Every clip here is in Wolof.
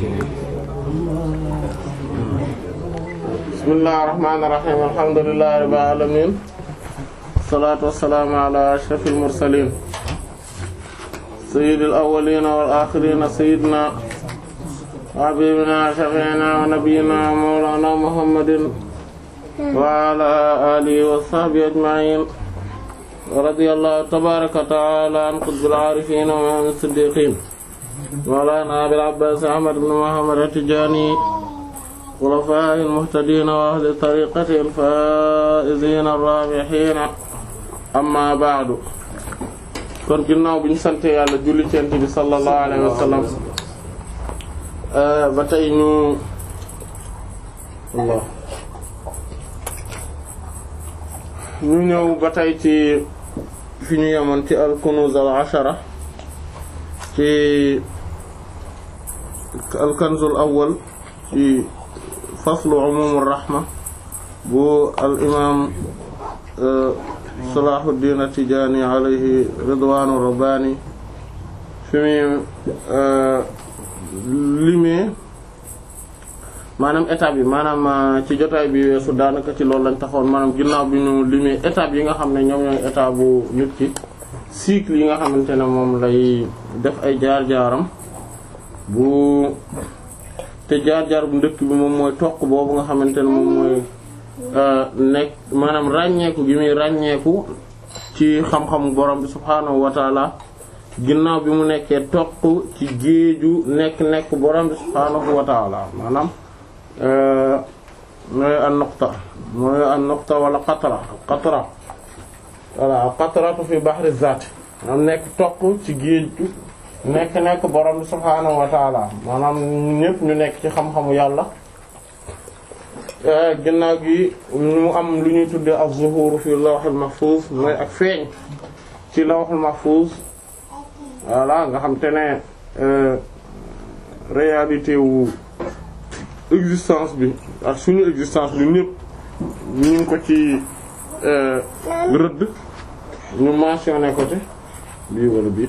bismillahir rahmanir rahim alhamdulillahi rabbil alamin salaatu wassalaamu ala ashrafil mursalin sayyidil awwalin wal akhirin sayyidina wa habibina shafiina wa nabiyyina mawlana muhammadin wa ala alihi wa sahbihi ajma'in radiyallahu tabaaraka wa ta'ala an qutbil aarifiin wa siddiqiin mawlaana abil abbaas ahmad ibn muhammad at-tijaani xulafaa'i al-muhtadiina wa ahli al-faa'iziina ar-raabihiina amma ba'du kon ginnaaw bi ñu sante yàlla julli bi sallallahu alayhi wa sallam ba tey ñu Allah ñu ñëw ba tey ci fi ñu yemoon ci al-kunuuz al-ashara ci alkanzul awwal ci faslu umumur rahma bu al imaam euh, Salahuddin At-Tidjânî alayhi ridwanu rabbani fi mu euh, limee maanaam étape yi maanaam euh, ci jotaay bi weesu daanaka ci loolu lañ taxoon maanaam ginnaaw bi ñu limee étape yi nga xam ne ñoom ñooy étape bu nit ki cycle yi nga xamante ne moom lay def ay jaar-jaaram bu te jaar-jaar bu ndëkk bi moom mooy toq boobu nga xamante ne moom mooy euh, nekk maanaam ràññeeku gi muy ràññeeku ci xam-xamu borom bi subhaanahu wa taala ginnaaw bi mu nekkee toq ci géeju nekk-nekk borom bi subhaanahu wa taala maanaam euh, mooy an nuqta mooy an nuqta wala qatra qatra wala qatratu fi bahri zaat am nekk toq ci géeju nekk nekk borom subhaanahu wa taala maanaam ñëpp ñu nekk ci xam-xamu yàlla eh, ginnaaw gi ñu am lu ñuy tuddee ak zuhuru fi lawhul mahfuz mooy ak feeñ ci lawhul mahfuz voilà nga xam te ne eh, réalité wu existence bi ak suñu existence bi ñëpp ñu ko ci eh, rëdd ñu mentionné ko ci bii wala bii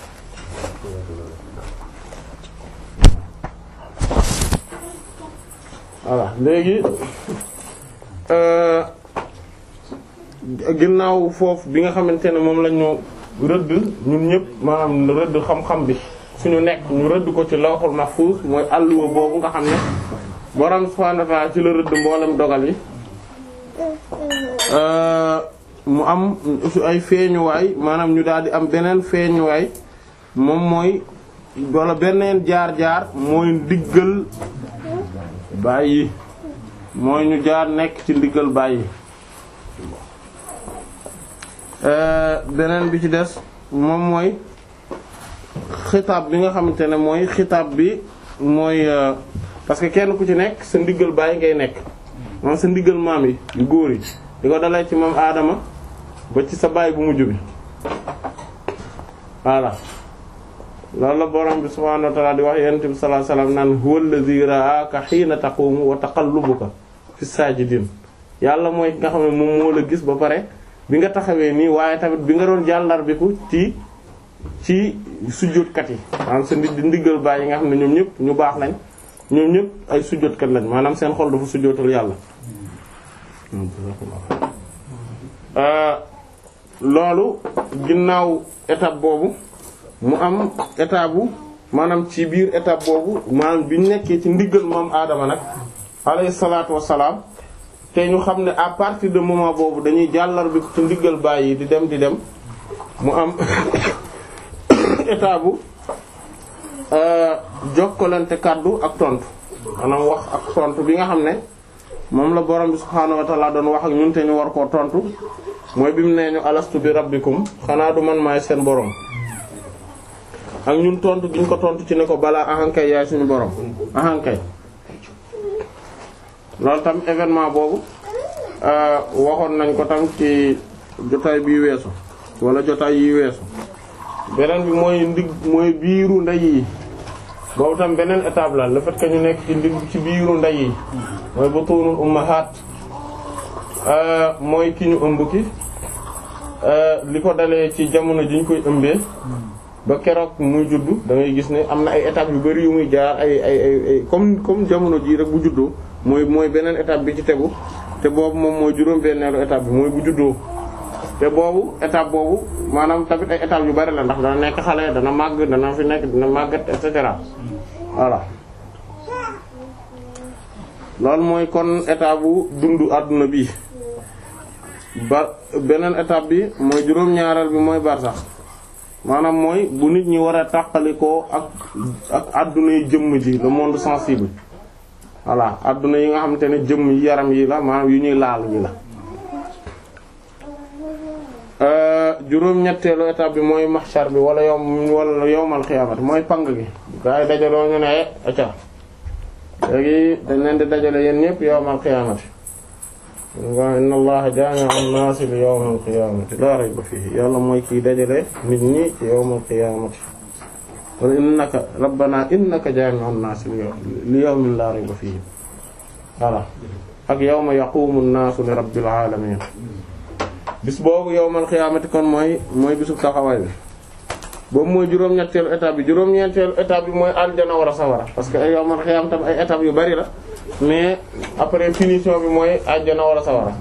voilà léegi euh, ginnaaw foofu bi nga xamante ne moom lañu rëdd ñun ñëpp maanaam rëdd xam-xam bi suñu nekk ñu rëdd ko ci lawhul mahfuz mooy alluwa boobu nga xam ne borom subhanahu wa ci la rëdd mboolem dogal yi euh, mu am ay feeñuwaay maanaam ñu daal di am beneen feeñuwaay moom mooy wala beneen jaar-jaar mooy diggal bàyyi mooy ñu jaar nekk ci ndigal bàyyi euh, beneen bi ci des moom mooy xitaab bi nga xamante ne mooy xitaab bi mooy euh, parce que kenn ku ci nekk sa ndiggal bàyyi ngay nekk moom sa ndigal maam yi góor yi di ko dalee ci moom aadama ba ci sa bàyyi bu mujj bi voilà loolu la borom bi subhaanahu wa ta'aala di wax yonent bi sallallahu alayhi wa sallam naan huwa alladhi ra'aaka hiina taquumu wa taqallubuka fi saajidiin yàlla mooy nga xam ne moom moo la gis ba pare bi nga taxawee nii waaye tamit bi nga doon jàllar biku ci ci sujjóotkat yi maanaam sa nit di nga xam ne ñoom ñëpp ñu baax lañ ñoom ñëpp ay sujjóotkat lañ maanaam seen xol dafa sujjóotal yàlla hmm. euh, loolu ginnaaw étape boobu mu am état bu maanaam ci biir état boobu maanaam bi nekkee ci ndiggal moom aadama nag alayhi salaatu wassalaam te ñu xam ne à partir de moment boobu dañuy jàllar ci ndiggal baay yi di dem di dem mu am état bu euh, jokkalante kàddu ak tontu maanaam wax ak tontu bi nga xam ne moom la borom bi subhaanahu wa ta'ala doon wax ak ñun te ñu war koo tontu mooy bi mu nee ñu alastu bi rabbikum xanaa du man maay seen borom. ak ñun tontu gi ñu ko tontu ci ne ko balaa ahankay yaay suñu borom ahankay loolu tam événement boobu euh, waxoon nañ ko tam ci jotaay bi weesu wala jotaay yi weesu beneen bi mooy ndig mooy biiru ndey yi boobu tam beneen étape la le fait ñu nekk ci ndig ci biiru ndey yi mooy butunul ummahat euh, mooy ki ñu ëmb ki euh, li ko dalee ci jamono ji ñu koy ëmbee ba keroog muy judd da ngay gis ne am na ay étapes yu bari yu muy jaar ay ay ay comme comme jamono jii rek bu juddoo mooy mooy beneen étape bi ci tegu te boobu moom mooy juróom-benneelu étape bi mooy bu juddoo. te boobu étape boobu maanaam tamit ay étapes yu bari la ndax dana nekk xale dana màgg dana fi nekk dana màggat et cetera voilà. loolu mooy kon étape bu dundu àdduna bi ba beneen étape bi mooy juróom-ñaareel bi mooy barsax. maanaam mooy bu nit ñi war a tàqalikoo ak ak adduna yi jëmm ji le monde sensible voilà àdduna yi nga xamante ne jëmm yaram yi la maanaam yu ñuy laal yi la euh, juróom-ñetteelu étape bi mooy mahshar bi wala yom wala xiyaamati mooy pang gi gaa yi dajaloo ñu ne acca léegi dañ leen di dajale yenn ñëpp yowmal xiyaamati waaw inna naasi li yawmil qiyaamati laa rayba fiihi yàlla mooy kii dajale nit ñi ci yawmil qiyaamati wala innaka rabbana innaka jaami'u an-naasi li yawmin laa rayba fiihi voilà ak yawma yaqumu an-naasu li rabbil aalamiin bis boobu yawmal qiyaamati kon mooy bisu taxawaay bi boobu mooy juróom-ñetteelu étape bi juróom-ñetteelu étape bi mooy aljana war a sawara parce que ay yawmal qiyaamati ay étape yu bari la mais après finition bi mooy àjjana wala sawara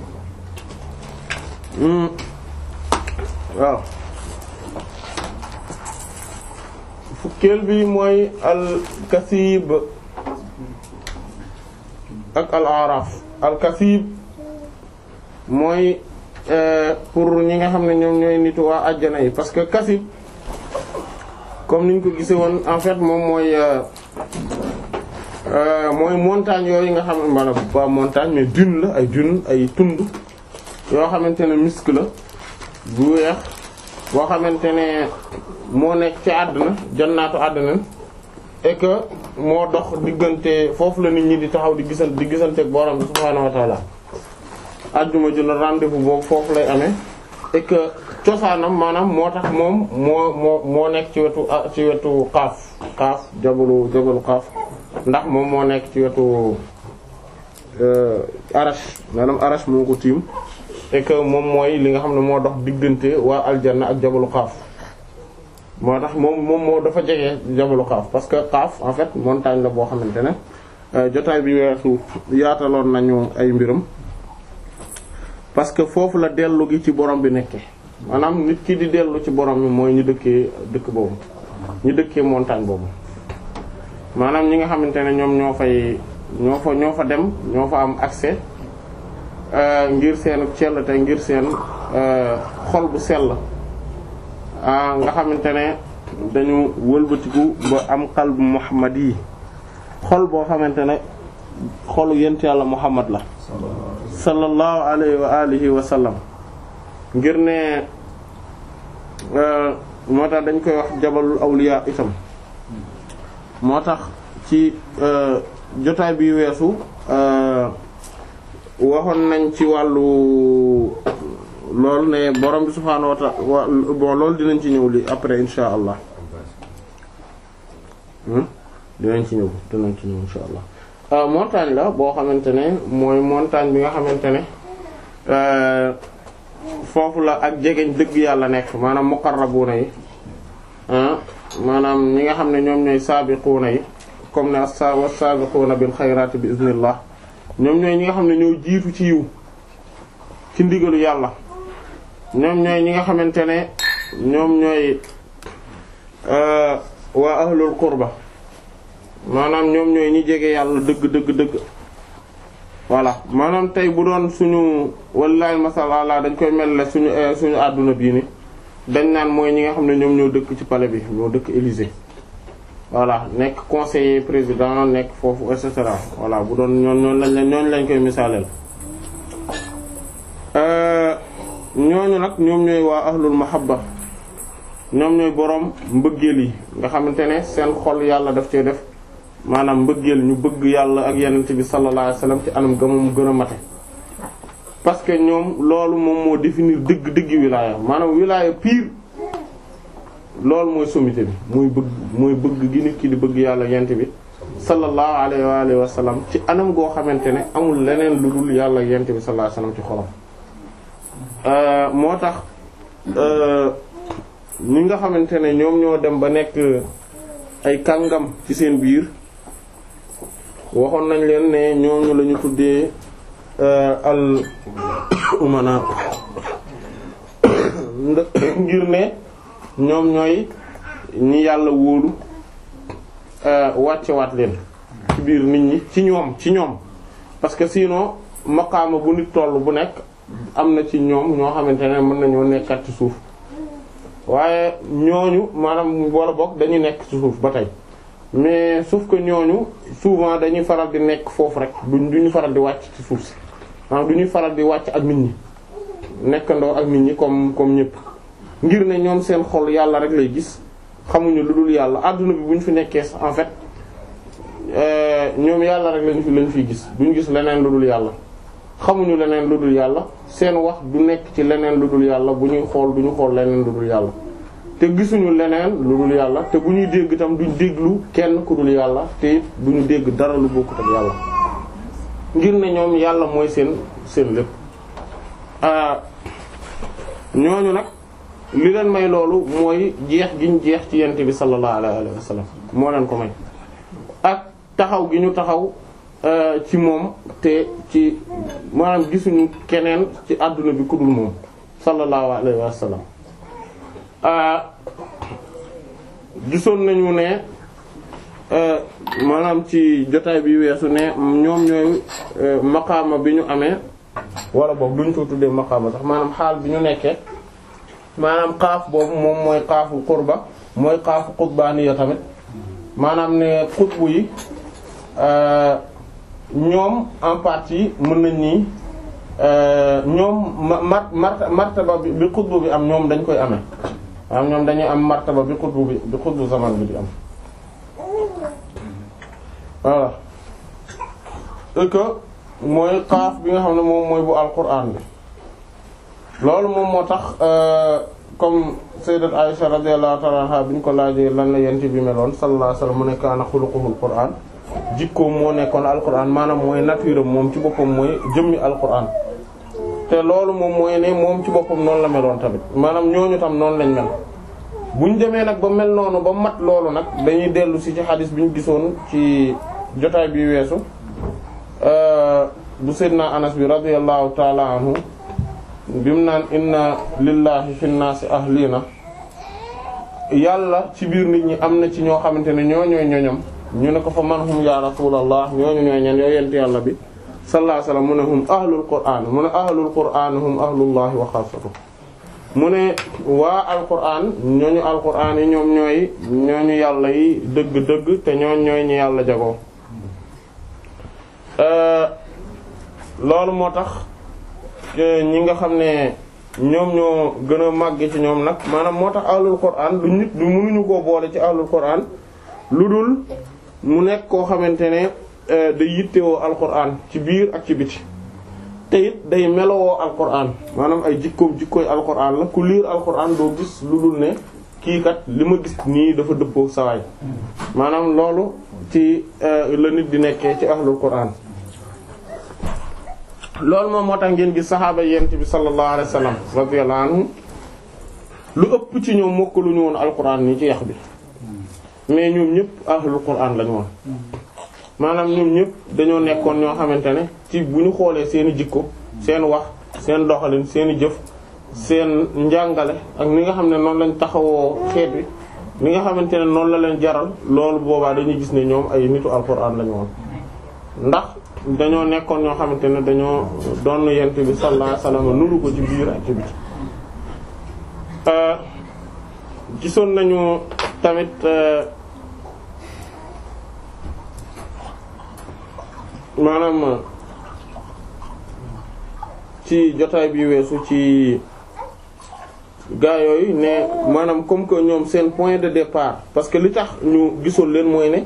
hmm. waaw fukkeel bi mooy al kasib ak al araf al kasib mooy euh, pour ñi nga xam ne ñoom ñooy nitu waa àjjana yi parce que kasib comme niñ ko gisee woon en fait moom mooy euh, Euh, mooy montagne yooyu nga xam ne maanaam pas montagne mais dune la ay dune ay tund yoo xamante ne misk la bu weex boo xamante ne moo nekk ci àdduna jannaatu àdduna et que moo dox diggante foofu la nit ñi di taxaw di gisante di gisante ak borom bi subhaanahu wa taala àjjuma ji la rendez boobu foofu lay amee et cosaanam maanaam moo tax moom moo moo moo nekk ci wetu ah, ci wetu xaaf xaaf jabalu jabalu xaaf ndax moom moo nekk ci wetu euh, arash maanaam arash moo ko tiim et moom mooy li nga xam ne moo dox diggante waa aljanna ak jabalu xaaf moo tax moom moom moo dafa jege jabalu xaaf parce que xaaf en fait montagne la boo xamante ne euh, jotaay bi weesu yaataloon nañu ay mbiram parce que foofu la dellu gi ci borom bi nekkee maanaam nit ki di dellu ci borom bi mooy ñu dëkkee dëkk boobu ñu dëkkee montagne boobu maanaam ñi nga xamante ne ñoom ñoo fay ñoo fa ñoo fa dem ñoo fa am accès euh, ngir seen cell te ngir seen euh, xol bu sell ah, nga xamante ne dañu wëlbatiku ba am qalbu muhammad yi xol boo xamante ne xolu yent yàlla muhammad la sallallahu alayhi wa alihi wa sallam ngir ne euh, moo tax dañ koy wax jabalul awliya itam moo tax ci euh, jotaay bi weesu euh, waxoon nañ ci wàllu loolu ne borom bi subhaanahu wa ta'ala bon dinañ ci ñëw li après insha allah hmm? dinañ ci ñëw dinañ ci ñëw insha euh, la boo xamante ne mooy montagne bi nga xamante ne foofu la ak jegeñ dëgg yàlla nekk maanaam muqarrabuna yi maanaam ñi nga xam ne ñoom ñooy saabi saabiquuna yi comme ne as-sa wa saabiquuna bil xayraati bi iznillah ñoom ñooy ñi nga xam ne ñoo jiitu ci ci ndigalu yàlla ñoom ñooy ñi nga xamante ne ñoom ñooy euh, waa ahlul qurba maanaam ñoom ñooy ñi jege yàlla dëgg dëgg dëgg voilà maanaam tey bu doon suñu wallaahi masal allah dañ koy mel suñu euh, suñu àdduna bii ni dañ naan mooy ñi nga xam ne ñoom ñoo dëkk ci pale bi ñoo dëkk Élysée voilà nekk conseiller président nekk foofu et cetera voilà bu doon ñoon ñoon lañ ñooñ lañ koy misaaleel euh, ñooñu nag ñoom ñooy waa ahlul mahabba ñoom ñooy boroom mbëggeel yi nga xamante ne seen xol yàlla daf cee def maanaam mbëggeel ñu bëgg yàlla ak yenent bi sallallahu alayhi wasallam ci anam ga mu gën a mate parce que ñoom loolu moom moo définir dëgg dëgg wilaaya maanaam wilaaya pire loolu mooy sommité bi mooy bëgg mooy bëgg gi nit ki di bëgg yàlla yent bi sallallahu alayhi wa alihi ci anam goo xamante ne amul leneen lu dul yàlla yent bi sallallahu alayhi ci xolam euh, moo tax euh, ñi nga xamante ne ñoom ñoo dem ba nekk ay kàngam ci seen biir waxoon nañ leen ne ñooñu la ñu tuddee Euh, al umana ngir ne ñoom ñooy ñi yàlla wóolu euh, wàcce waat leen ci biir nit ñi ci ñoom ci ñoom parce que sinon maqaama bu nit toll bu nekk am na ci ñoom ñoo xamante ne mën nañoo nekkat ci suuf waaye ñooñu maanaam wala bokk dañuy nekk ci suuf ba tey mais suuf ko ñooñu souvent dañuy faral di nekk foofu rek duñ ñu faral di wàcc ci suuf si maanaam du ñuy faral di wàcc ak nit ñi nekkandoo ak nit ñi comme comme ñëpp ngir ne ñoom seen xol yàlla rek lay gis xamuñu lu dul yàlla àdduna bi bu ñu fi nekkee en fait euh, ñoom yàlla rek lañ fi lañ fiy gis ñu gis leneen lu dul yàlla xamuñu leneen lu dul yàlla seen wax du nekk ci leneen lu dul yàlla bu ñuy xool du ñu xool leneen lu dul yàlla te gisuñu leneen lu dul yàlla te bu ñuy dégg itam duñ déglu kenn ku dul yàlla te it ñu dégg dara lu bokkut ak ngir ne ñoom yàlla mooy seen seen lépp ah, ñooñu nag li leen may loolu mooy jeex gi ñu jeex ci yent bi sallallahu alayhi wa moo leen ko may ak taxaw gi ñu taxaw euh, ci moom te ci maanaam gisuñu keneen ci àdduna bi ku dul moom sallallahu alayhi wa ah, gisoon nañu ne Euh, maanaam ci jotaay bi weesu ne ñoom ñooy euh, maqaama bi ñu amee wala boog duñ ko tuddee maqaama sax maanaam xaal bi ñu nekkee maanaam xaaf boobu moom mooy xaafu xurba mooy xaafu xutbaani ya tamit maanaam ne xutbu yi euh, ñoom en partie mën nañ nii ñoom mart martaba bi xutbu bi am ñoom dañ koy amee am ñoom dañuy am martaba bi xutbu bi bi xutbu zaman bi di am voilà et que mooy xaaf bi nga xam ne moom mooy bu alquran bi loolu moom moo tax euh, comme sayyidat Aisha radiyallahu ta'ala anha bi ñu ko laajee lan la yent bi meloon sallallahu alayhi wasallam mu ne kaana xuluquhul quran jikkoom moo nekkoon alquran maanaam mooy nature moom ci boppam mooy jëmmi alquran te loolu moom mooy ne moom ci boppam noonu la meloon tamit maanaam ñooñu tam noonu lañ mel bu ñu demee nag ba mel noonu ba mat loolu nag dañuy dellusi ci xadis bi ñu gisoon ci jotaay bi weesu euh, bu seydna anas bi radiallahu taala anhu bi mu naan inna lillahi fi naasi ahliina yàlla ci biir nit ñi am na ci ñoo xamante ne ñoo ñooy ñoñam ñu ne ko fa man hum ya rasulallah ñooñu ñooy ñan yow yent yàlla bi sallallahu mu ne hum ahlul qur'an mu ne ahlul qur'an hum ahlullahi wa xaasatuh mu ne waa alquran ñooñu alquran yi ñoom ñooy ñooñu yàlla yi dëgg-dëgg te ñooñ ñooy ñu yàlla jagoo euh, loolu moo tax euh, ñi nga xam ne ñoom ñoo gën a màgg ci ñoom nag maanaam moo tax ahlul quran lu nit lu mënuñu koo boole ci ahlul quran lu dul mu nekk koo xamante ne euh, day yittewoo alquran ci biir ak ci biti te it day melowoo alquran maanaam ay jikkoom jikkooy alquran la ku liir alquran doo gis lu dul ne kii kat li ma gis nii dafa dëppoo sawaay maanaam loolu ci eh, la nit di nekkee ci ahlul quran loolu moom moo tax ngeen gis saxaaba yent bi sallallahu alayhi wasallam radiyallahu lu ëpp ci ñoom mokk lu ñu woon alquran nii ci yax bi mais ñoom ñëpp ahlul quran lañu woon maanaam ñoom ñëpp dañoo nekkoon ñoo xamante ne ci bu ñu xoolee seeni jikko seen wax seen doxalin seeni jëf seen njàngale ak ni nga xam ne noonu lañ taxawoo xeet wi li nga xamante ne noonu la leen jaral loolu boobaa dañuy gis ne ñoom ay nitu alxuraan lañu woon ndax dañoo nekkoon ñoo xamante ne dañoo doon yent bi sallallahu alayhi nuru ko ci biir ak ci biti euh, gisoon nañu tamit euh, maanaam ci jotaay bi weesu ci gaa yooyu ne maanaam comme que ñoom seen point de départ parce que li tax ñu gisul leen mooy ne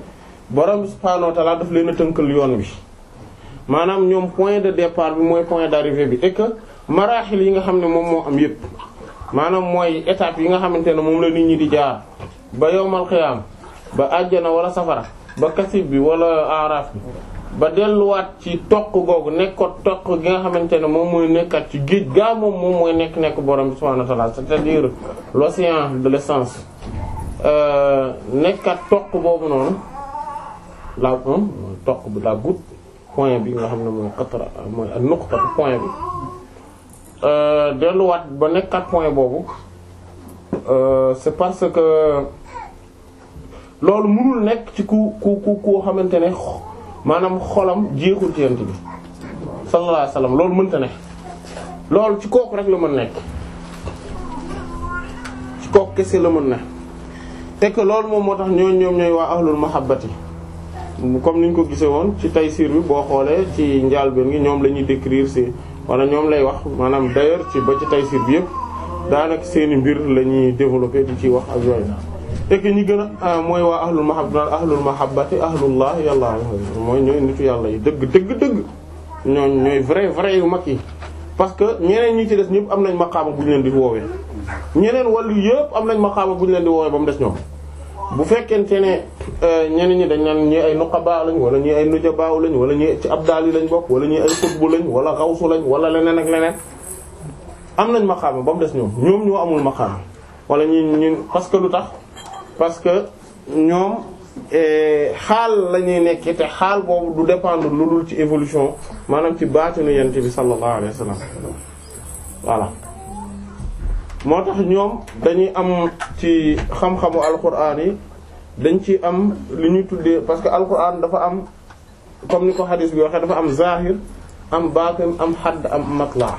borom subhaanahu wa ta'ala daf leen a tënkal yoon bi maanaam ñoom point de départ bi mooy point d'arrivée bi et que maraaxil yi nga xam ne moom moo am yépp maanaam mooy étape yi nga xamante ne moom la nit ñi di jaar ba yowmal xiyaam ba àjjana wala safara ba kasib bi wala aaraaf bi ba delluwaat ci toq googu nekkoon toq gi nga xamante ne moom mooy nekkaat ci géej gaa moom moom mooy nekk nekk borom bi subhanahu wa ta'ala c'est-à-dire l'océan de l'essence euh, nekkaat toq boobu noonu la toq bi laa goutte point bi nga xam ne mooy qatra mooy nuqta point bi euh, delluwaat ba nekkaat point boobu euh, c'est parce que loolu mënul nekk ci ku ku ku xamante ne maanaam xolam jeexul ci bi sallallahu alayhi wasallam loolu mënta ne loolu ci kooku rek la mën nekk ci kooku kese la mën ne te loolu moom moo tax ñooñ ñoom ñooy waa ahlul mahabbati comme niñ ko gisee woon ci Taysiir bi boo xoolee ci njàlbéen gi ñoom la ñuy décrire si wala ñoom lay wax maanaam d'ailleurs ci ba ci Taysiir bi yëpp daanaka seeni mbir la ñuy développer di ci wax ak yooyu et que ñi gën a ah, mooy waa ahlul mahabba ahlul mahabbati ahlullah yàlla mooy ñooy yàlla yi dëgg dëgg dëgg ñoo ñooy vrai vrai yu mag yi parce que ñeneen ñi ci des ñëpp am nañ maqaama bu ñu leen di woowee ñeneen wàllu yëpp am nañ maqaama bu leen di woowee ba mu des ñoom bu fekkente ne eh, ñeneen ñi dañ naan ñii ay nuqaba lañ wala ñii ay nujabaa lañ wala ñii ci abdaal yi lañ bokk wala ñii ay xutbu lañ wala xawsu lañ wala leneen ak leneen am nañ maqaama ba mu des ñoom ñoom ñoo amul maqaama wala ñi ñun parce que lu tax parce que ñoom eh, xaal lañuy ñuy nekkee xaal boobu du dépendre lu dul ci évolution maanaam ci baatinu yent bi sallallahu alayhi wa sallam moo tax ñoom dañuy am ci xam-xamu alquran yi dañ ci am li ñuy tuddee parce que alquran dafa am comme ni ko xadis bi waxee dafa am zahir am baatin am xadd am matla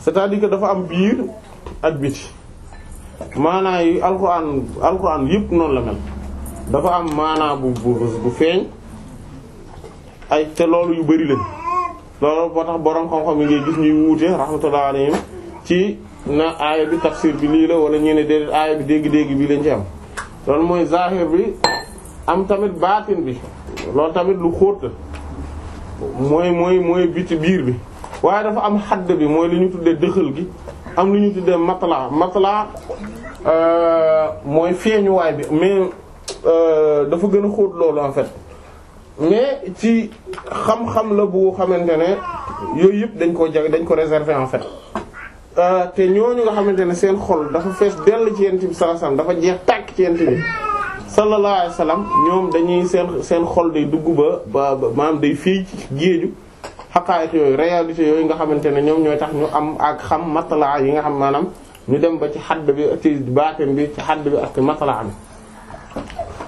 c'est-à-dire que dafa am biir ak biti maanaa yi alxuraan alxuraan yëpp noonu la mel dafa am maanaa bu bu bu feeñ ay te loolu yu bari leen loolu boo tax boroom xam-xam yi ngay gis ñuy wuute rahmatullah alayhim ci na aaya bi tafsir bi lii la wala ñu ne déedéet aaya bi dégg-dégg bi lañ ci am loolu mooy zahir bi am tamit baatin bi loolu tamit lu xóot la mooy mooy mooy biti biir bi waaye dafa am xadd bi mooy li ñu tuddee dëxal gi am lu ñu tuddee matla matla euh, mooy feeñuwaay bi mais euh, dafa gën a xóot loolu en fait mais ci xam-xam la bu xamante ne yooyu yëpp dañ ko jag dañ ko réserver en fait euh, te ñu nga xamante ne seen xol dafa fees dell ci yent bi sallallahu alayhi dafa jeex tàkk ci yent bi sallallahu ñoom dañuy seen seen xol day dugg ba ba maanaam day fii ci géeju xaqaayiq yooyu réalité yooyu nga xamante ne ñoom ñooy tax ñu am ak xam matalaa yi nga xam maanaam ñu dem ba ci xadd bi ci baatin bi ci xadd bi ak matalaa bi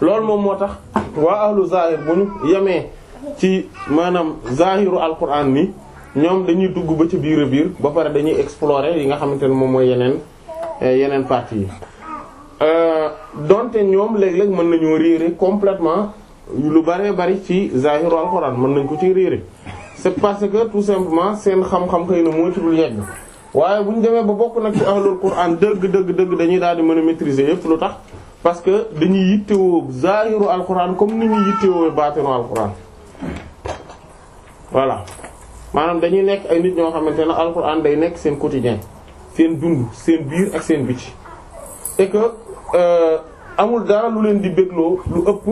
loolu moom moo tax waa ahlu zahir bu ñu yemee ci maanaam zahiru alquran ni ñoom dañuy dugg ba ci biir biir ba pare dañuy explorer yi nga xamante ne moom mooy yeneen eh, yeneen parties yi euh, donte ñoom léegi léeg mën nañoo réere completement lu bare bari ci zahiru alquran mën nañ ko ci réere c'est parce que tout simplement seen xam-xam xëy na moo ci dul yegg waaye bu ñu demee ba bokk nag ci ahlul quran dëgg dëgg dëgg dañuy daal di mën a maîtriser yépp lu tax parce que dañuy yittewoo zaahiru alquran comme ni ñuy yittewoo baatinu alquran voilà maanaam dañuy nekk ay nit ñoo xamante ne alquran day nekk seen quotidien seen dund seen biir ak seen biti et que euh, amul dara lu leen di bégloo lu ëpp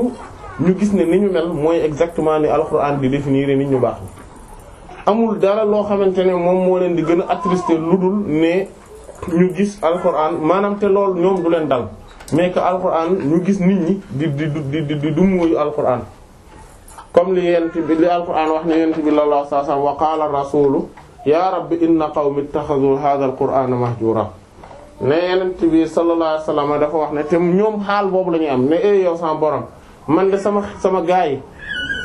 ñu gis ne ni ñu mel mooy exactement ni alquran di définir nit ñu baax amul dara loo xamante ne moom moo leen di gën a attristé lu dul ne ñu gis alxuraan maanaam te loolu ñoom du leen dal mais que alxuraan ñu gis nit ñi di di di di di dummuyu comme li yent bi li alxuraan wax ne yent bi sallallahu alayhi wasallam wa qaala rasulu ya rabbi inna qawmi ittakhadhu hadha alqur'ana mahjura ne yent bi sallallahu alayhi wasallam dafa wax ne te ñoom xaal boobu la ñuy am ne e yow sama borom man de sama sama gaay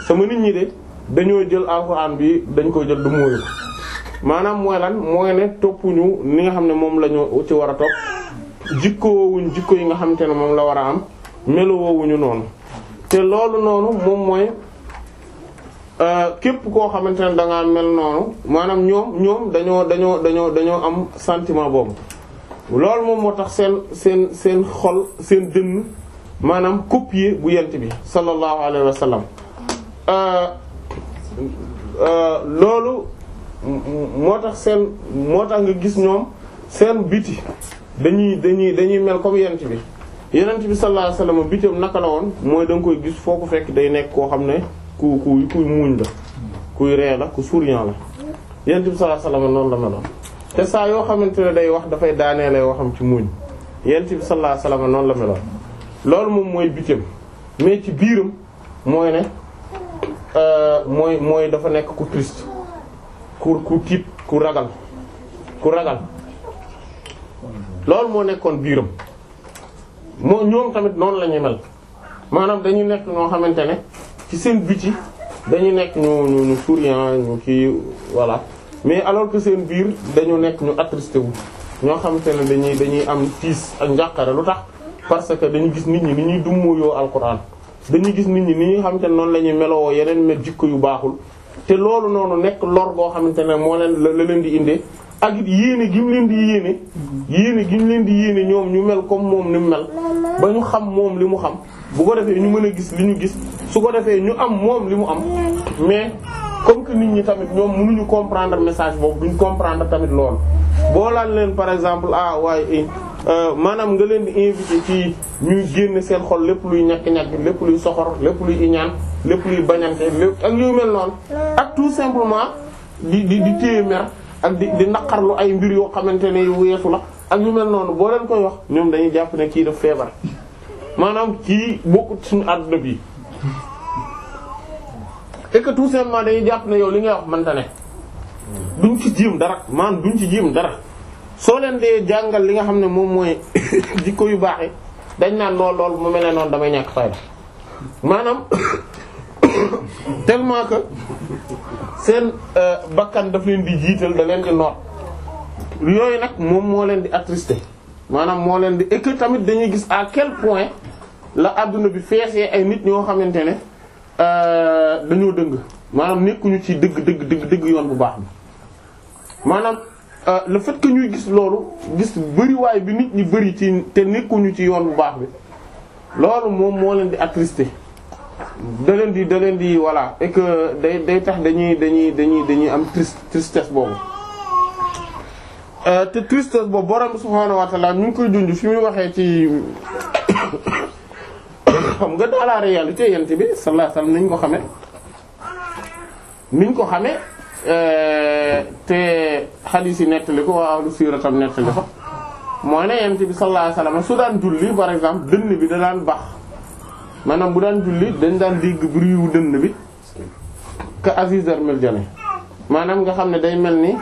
sama nit ñi de dañoo jël alxuraan bi dañ koy jël du mooyu maanaam mooy lan mooy ne toppuñu ni nga xam ne moom la ci war a topp jikkoowuñ jikko yi nga xamante ne moom la war a am melowoowuñu noonu te loolu noonu moom mooy euh, képp koo xamante ne da mel noonu maanaam ñoom ñoom dañoo dañoo dañoo dañoo am sentiment boobu loolu moom moo tax seen seen seen xol seen dënn maanaam yi bu yent bi sallallahu alayhi wa sallam euh, Euh, loolu moo tax seen moo tax nga gis ñoom seen biti dañuy dañuy dañuy mel comme yent bi yonent bi sallallahu alayhi wasallam bitam naka la woon mooy da nga koy gis foo ko fekk day nekk koo xam ne ku ku kuy muuñ la kuy ree la ku souriant la yonent bi sallallahu alayhi wasallam noonu la meloon te saa yoo xamante ne day wax dafay daanee lay waxam ci muuñ yonent bi sallallahu alayhi wasallam la meloon loolu moom mooy bitam mais ci biiram mooy ne euh, mooy mooy dafa nekk ku triste ku ku tiit ku ragal ku ragal loolu moo nekkoon biiram moo ñoom tamit noonu la ñuy mel maanaam dañuy nekk ñoo xamante ne ci seen biti dañu nekk ñu ñu ñu souriant ñu kii voilà mais alors que seen biir dañu nekk ñu attristé wu ñoo xamante ne dañuy dañuy am tiis ak njàqare lu tax parce que dañu gis nit ñi ni ñuy dummóoyoo alxuraan dañuy gis nit ñi ni nga xamante ne noonu lañuy meloo yeneen mel jikko yu baaxul te loolu noonu nekk lor goo xamante ne moo leen la leen di indee ak it yéene gi yéene yéene gi leen di yéene ñoom ñu mel comme moom ni mu mel ba ñu xam moom li mu xam bu ko defee ñu mën a gis li ñu gis su ko defee ñu am moom li mu am mais comme que nit ñi tamit ñoom mënuñu comprendre message boobu duñ comprendre tamit loolu boo laaj leen par exemple ah waaye eh, Euh, maanaam nga leen di invité ci ñuy génn seen xol lépp luy ñàkk-ñàkk lépp luy soxor lépp luy iñaan lépp luy bañante lépp ak yu mel noonu ak tout simplement di di di téye mer ak di di naqarlu ay mbir yoo xamante ne weesu la ak yu mel noonu boo leen koy wax ñoom dañuy jàpp ne kii daf feebar maanaam kii bokkut suñu àdduna bi et que simplement dañuy jàpp ne yow li ngay wax mënta ne duñ ci jéem dara maanaam duñ ci jéem dara soo leen dee jàngal li nga xam ne moom mooy jikko yu baax yi dañ naan lool lool moom mel ne noonu damay ñàkk fayda maanaam tellement que seen euh, bakkan daf leen di jiital da leen di noot yooyu nag moom moo leen di attristé maanaam moo leen di et tamit dañuy gis à quel point la àdduna bi feesee ay nit ñoo xamante ne euh, dañoo dëng maanaam nekkuñu ci dëgg dëgg dëgg dëgg yoon bu baax bi maanaam Euh, le fait que ñuy gis loolu gis bëriwaay bi nit ñi bëri ci te nekkuñu ci yoon bu baax bi loolu moom moo leen di attristé da leen di da di voilà et que day day tax dañuy dañuy dañuy dañuy am triste tristesse boobu. Euh, te tristesse boobu borom subhaanahu wa ta'aala ñu ngi koy dundu fi muy waxee ci xam nga dans la réalité yent bi sallallahu alayhi wa niñ ko xamee niñ ko xamee. Euh, te xadiis yi nettali ko waa ahlu siira tam nettali ko mooy ne yonent bi sallallahu su daan julli par exemple dënn bi da daan bax maanaam bu daan julli dañ daan dégg bruit wu dënn bi ka azizar mel jane maanaam nga xam ne day mel ni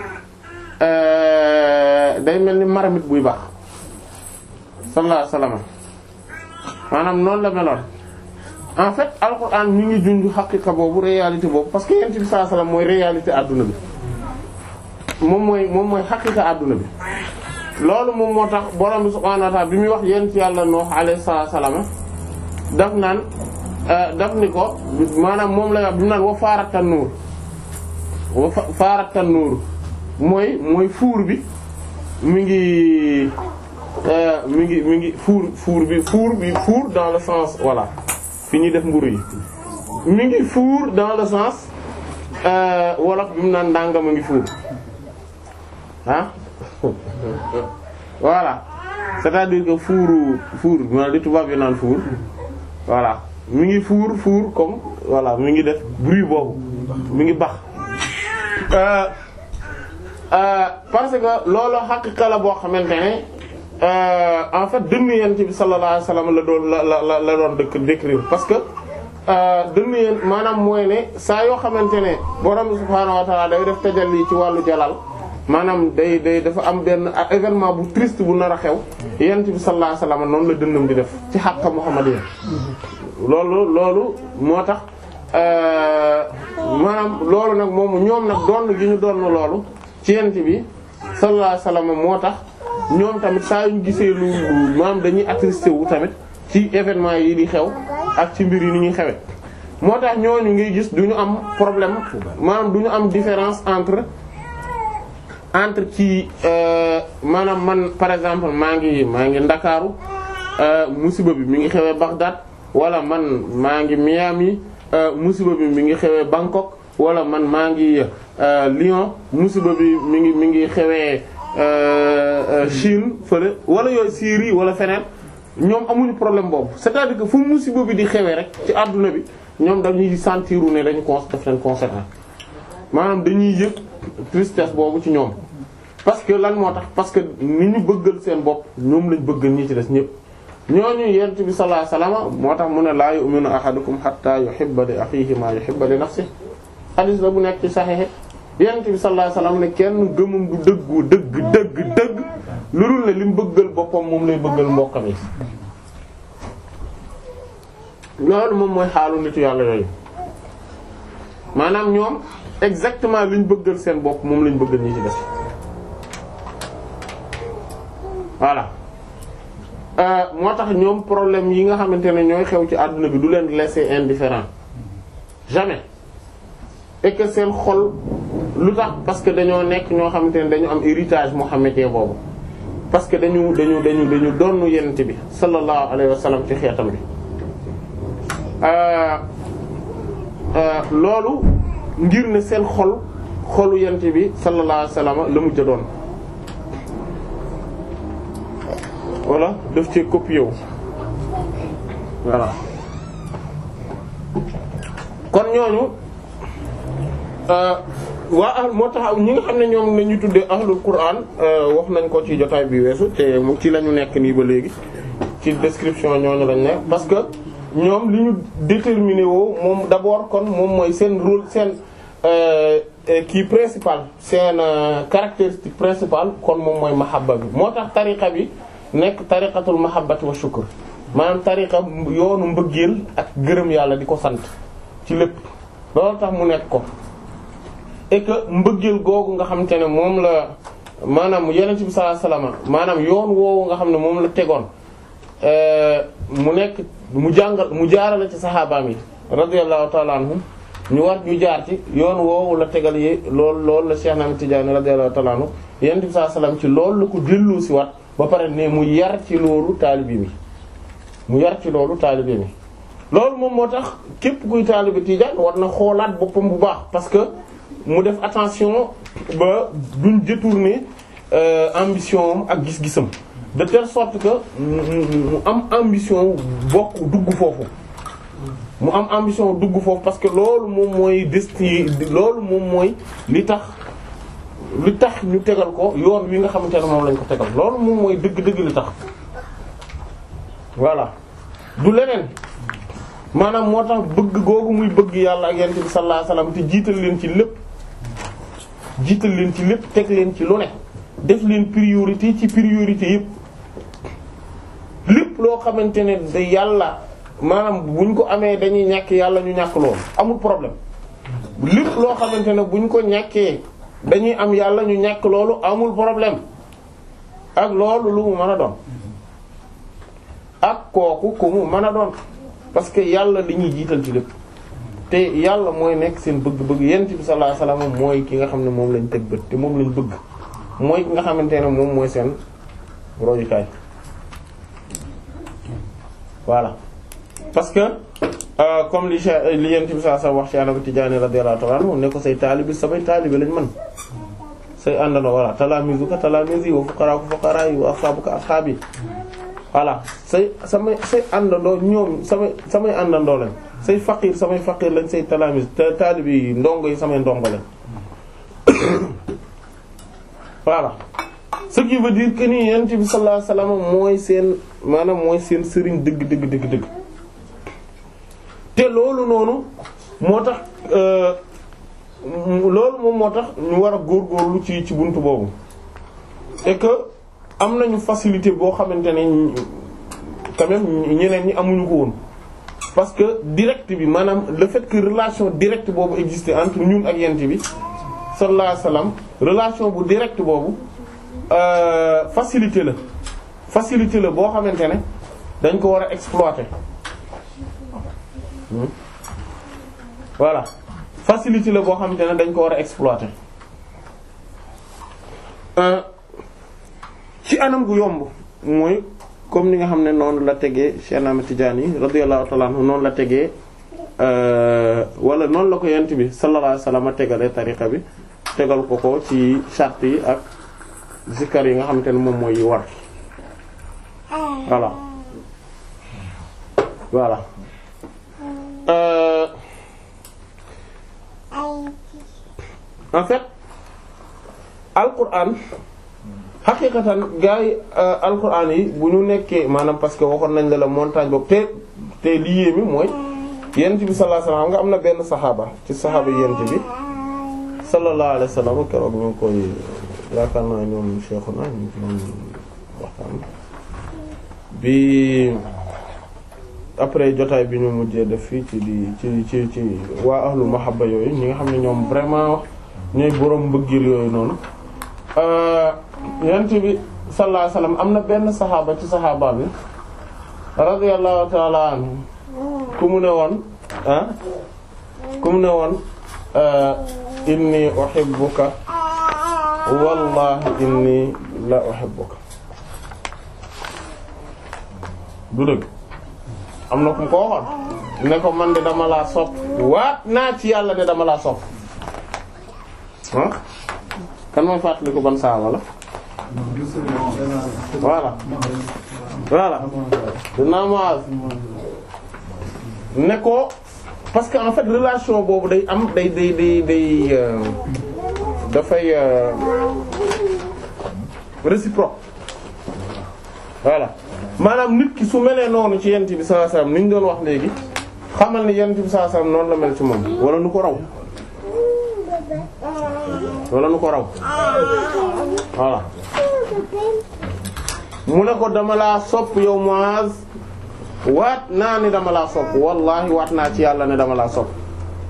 euh, day mel ni maramit buy baax sallallahu alayhi wasallam maanaam noonu la meloon en fait alxuraan mi ngi junj xaqiqa boobu réalité boobu parce que yent bi saa salaam mooy réalité àdduna bi moom mooy moom mooy xaqiqa àdduna bi. loolu moom moo tax borom bi subhaanahu bi muy wax yent yàlla noox alayhi salaam daf naan euh, daf ni ko maanaam moom lay wax bi mu naan wa mooy mooy fuur bi mi ngi euh, mi ngi mi ngi fuur fuur bi fuur bi fuur dans le sens voilà. fi ñuy def mburu yi mi ngi fuur dans le sens euh, wolof bi mu naan ndàngam a ngi fuur ah voilà cest dire que fuuru fuur ma li tubaab yi naan fuur voilà mu ngi fuur fuur comme voilà mi ngi def bruit boobu mi ngi bax euh, euh, parce que loolu xaqiqa la boo xamante ne Euh, en fait dënnu yent bi sallallahu alayhi wa sallam la doon la la la doon dëkk parce que euh, dënnu yéen maanaam mooy ne saa yoo xamante ne borom subhaanahu wa ta'ala day def tajalli ci wàllu jalal maanaam day day dafa am benn ah, événement bu triste bu nar a xew yent bi sallallahu alayhi wa sallam noonu la dënnam di def ci xàqa muhammadiyya loolu loolu moo tax euh, maanaam loolu nag moom ñoom nag doon gi ñu doon loolu ci yent bi sallallahu alayhi wa sallam moo tax. ñoom tamit saa yu ñu gisee lu maam dañuy attristé wu tamit ci événement yi di xew ak ci mbir yi ni ñuy xewee moo tax ñu ngay gis du ñu am problème maanaam du ñu am différence entre entre ci euh, maanaam man par exemple maa ngi maa ngi Ndakaaru euh, musiba bi mi ngi xewee Bagdad wala man maa ngi Miami euh, musiba bi mi ngi xewee Bangkok wala man maa ngi Lyon musiba bi mi ngi mi ngi xewee. Euh, euh, Chine fële wala yooyu Syrie wala feneen ñoom amuñu problème boobu cest à que fu musiba bi di xewee rek ci àdduna bi ñoom dañuy sentiru ne dañu con def leen concerné maanaam dañuy yëg tristesse boobu ci ñoom parce que lan moo tax parce que ni ñu bëggal seen bopp ñoom lañ bëggal ñi ci des ñëpp ñu yent bi sallallahu alayhi wasallam moo tax mu ne laa yu'minu ahadukum hatta yuhibba li akhihi ma yuhibba li nafsihi hadith la bu nekk ci saxiix yonent bi sallallahu alayhi wasallam ne kenn gëmum du dëggu dëgg dëgg dëgg lu dul ne li mu bëggal boppam moom lay bëggal mbokkam yi loolu moom mooy xaalu nitu yàlla yooyu maanaam ñoom exactement liñ bëggal seen bopp moom lañ bëggal ñi ci def voilà euh, moo tax ñoom problème yi nga xamante ne ñooy xew ci àdduna bi du leen laisser indifférent jamais et seen xol lu tax parce que dañoo nekk ñoo xamante ne dañu am héritage mohammédien boobu parce que dañu dañu dañu dañu donn yonent bi sallallahu alayhi wa ci xeetam bi euh, euh, loolu ngir ne seen xol xolu yonent bi sallallahu alayhi wa sallam la mujj a doon voilà daf cee copié wu voilà kon ñooñu Euh, waa ah moo tax ñi nga xam ne ñoom la ñuy tuddee ahlul quran euh, wax nañ ko ci jotaay bi weesu te mu ci lañu nekk nii ba léegi ci description ñooñu lañu nekk parce que ñoom li ñu déterminé woo moom d'abord kon moom mooy seen rôle seen euh, kii principal seen caractéristique principale kon moom mooy mahabba bi moo tax tariqa bi nekk tariqatul mahabbati wa shukr maanaam tariqa yoonu mbëggeel ak gërëm yàlla di ko sant ci lépp loolu tax mu nekk ko et que mbëggeel googu nga xamante ne moom la maanaam yonent bi sallallahu alayhi wasallam maanaam yoon woowu nga xam ne moom la tegoon euh, mu nekk mu jàngal mu jaarale ci saxaabaam yi radiyallahu ta'ala anhum ñu war ñu jaar ci yoon woowu la tegal yi loolu la Cheikh Ahmad Tidiane radiyallahu ta'ala anhu yonent bi sallallahu alayhi ci lool la ko dellu si wat ba pare ne mu yar ci loolu taalibi mi mu yar ci loolu taalibi mi loolu moom moo tax képp kuy taalibi Tidiane war na xoolaat boppam mu def attention ba duñ détourner euh, ambition ak gis-gisam de telle sorte que mu am ambition bokk dugg foofu mu am ambition dugg foofu parce que loolu moom mooy desti loolu moom mooy li tax li tax ñu tegal ko yoon wi nga xamante ne moom lañ ko tegal loolu moom mooy dëgg-dëgg li tax voilà du leneen maanaam moo tax bëgg googu muy bëgg yàlla ak yonent bi sallallahu alayhi te jiital leen ci lépp jiital leen ci lépp teg leen ci lu ne def leen priorité ci priorité yépp lépp loo xamante ne da yàlla maanaam buñ ko amee dañuy ñàkk yàlla ñu ñàkk loolu amul problème lépp loo xamante ne buñ ko ñàkkee dañuy am yàlla ñu ñàkk loolu amul problème ak loolu lu mu mën a doon ak kooku ku mu mën a doon parce que yàlla li ñuy jiital ci lépp te yàlla mooy nekk seen bëgg-bëgg yonent bi sallallahu alayhi wasallam mooy ki nga xam ne moom lañ teg bët te moom lañ bëgg mooy ki nga xamante ne moom mooy seen royukaay voilà parce que euh, comme li li yonent bi sallallahu alayhi wasallam wax ci Ahmadu Tijaani radiyallahu anhu ne ko say taalibi samay taalibi lañ mën say àndandoo voilà talaamizuka talaamizi samay say àndandoo ñoom samay samay àndandoo lañ. say faqiir samay faqiir lañ say talaamis taalib yi ndongo yi samay ndongo lañ voilà ce qui veut dire que ni yonent bi sallallahu mooy seen maanaam mooy seen sëriñ dëgg dëgg dëgg te loolu noonu moo tax euh, loolu moom moo tax ñu war a góorgóorlu ci ci bunt boobu et am nañu facilité boo xamante ne quand même ñeneen ñi amuñu ko woon. parce que direct bi maanaam le fait que relation directe boobu existe entre ñun ak yent bi sallallahu alayhi wasallam relation bu direct boobu euh, la facilité la boo xamante ne dañ ko war a exploiter hmm? voilà facilité la boo xamante ne dañ ko war a exploiter euh, ci anam gu yomb mooy comme ni nga xam ne noonu la tegee Cheikh Ahmad Tidiane radiyallahu ta'ala anhu noonu la tegee euh, walla noonu la ko yent bi sallallahu alayhi wasallam tegalee tariqa bi tegal ko ko ci charte yi ak zikkar yi nga xamante ne moom mooy yi war voilà voilà euh, al-Qur'an xaqiiqatan gars yi euh, alxuraan yi bu ñu nekkee maanaam parce que waxoon nañ la la montagne boobu te te li yéemi mooy yent bi sallallahu alayhi wasallam nga am na benn saxaaba ci saxaaba yent bi sallallahu alayhi wasallam keroog ñu ngi koy yaakaar naa ñoom bi après jotaay bi ñu mujjee def fii ci di ci ci ci waa ahlul mahabba yooyu ñi nga xam ne ñoom vraiment ñooy borom mbëggeel yooyu noonu euh, yonent bi sallallahu alayhi am na benn saxaaba ci saxaaba bi radiyallahu ta'ala anhu ku mu ne woon ah ku mu ne woon eh, inni uhibbuka wallahi inni la uhibbuka du dëgg am na ku mu ko waxoon ne ko man de dama laa sopp waat naa ci yàlla de dama laa sopp ah kan mooy fàttali ko ban saaba la voilà voilà dinaa Muaz ne ko parce que en relation boobu day am day day day day euh, dafay euh, réciproque voilà maanaam nit ki su melee noonu ci yent bi sallallahu alayhi ni ñu doon wax léegi xamal ni yent bi sallallahu alayhi wasallam noonu la mel ci moom wala nu ko raw wala nu ko raw voilà mu ne ko dama laa sopp yow Muaz waat naa ne dama laa sopp wallahi waat naa ci yàlla ne dama laa sopp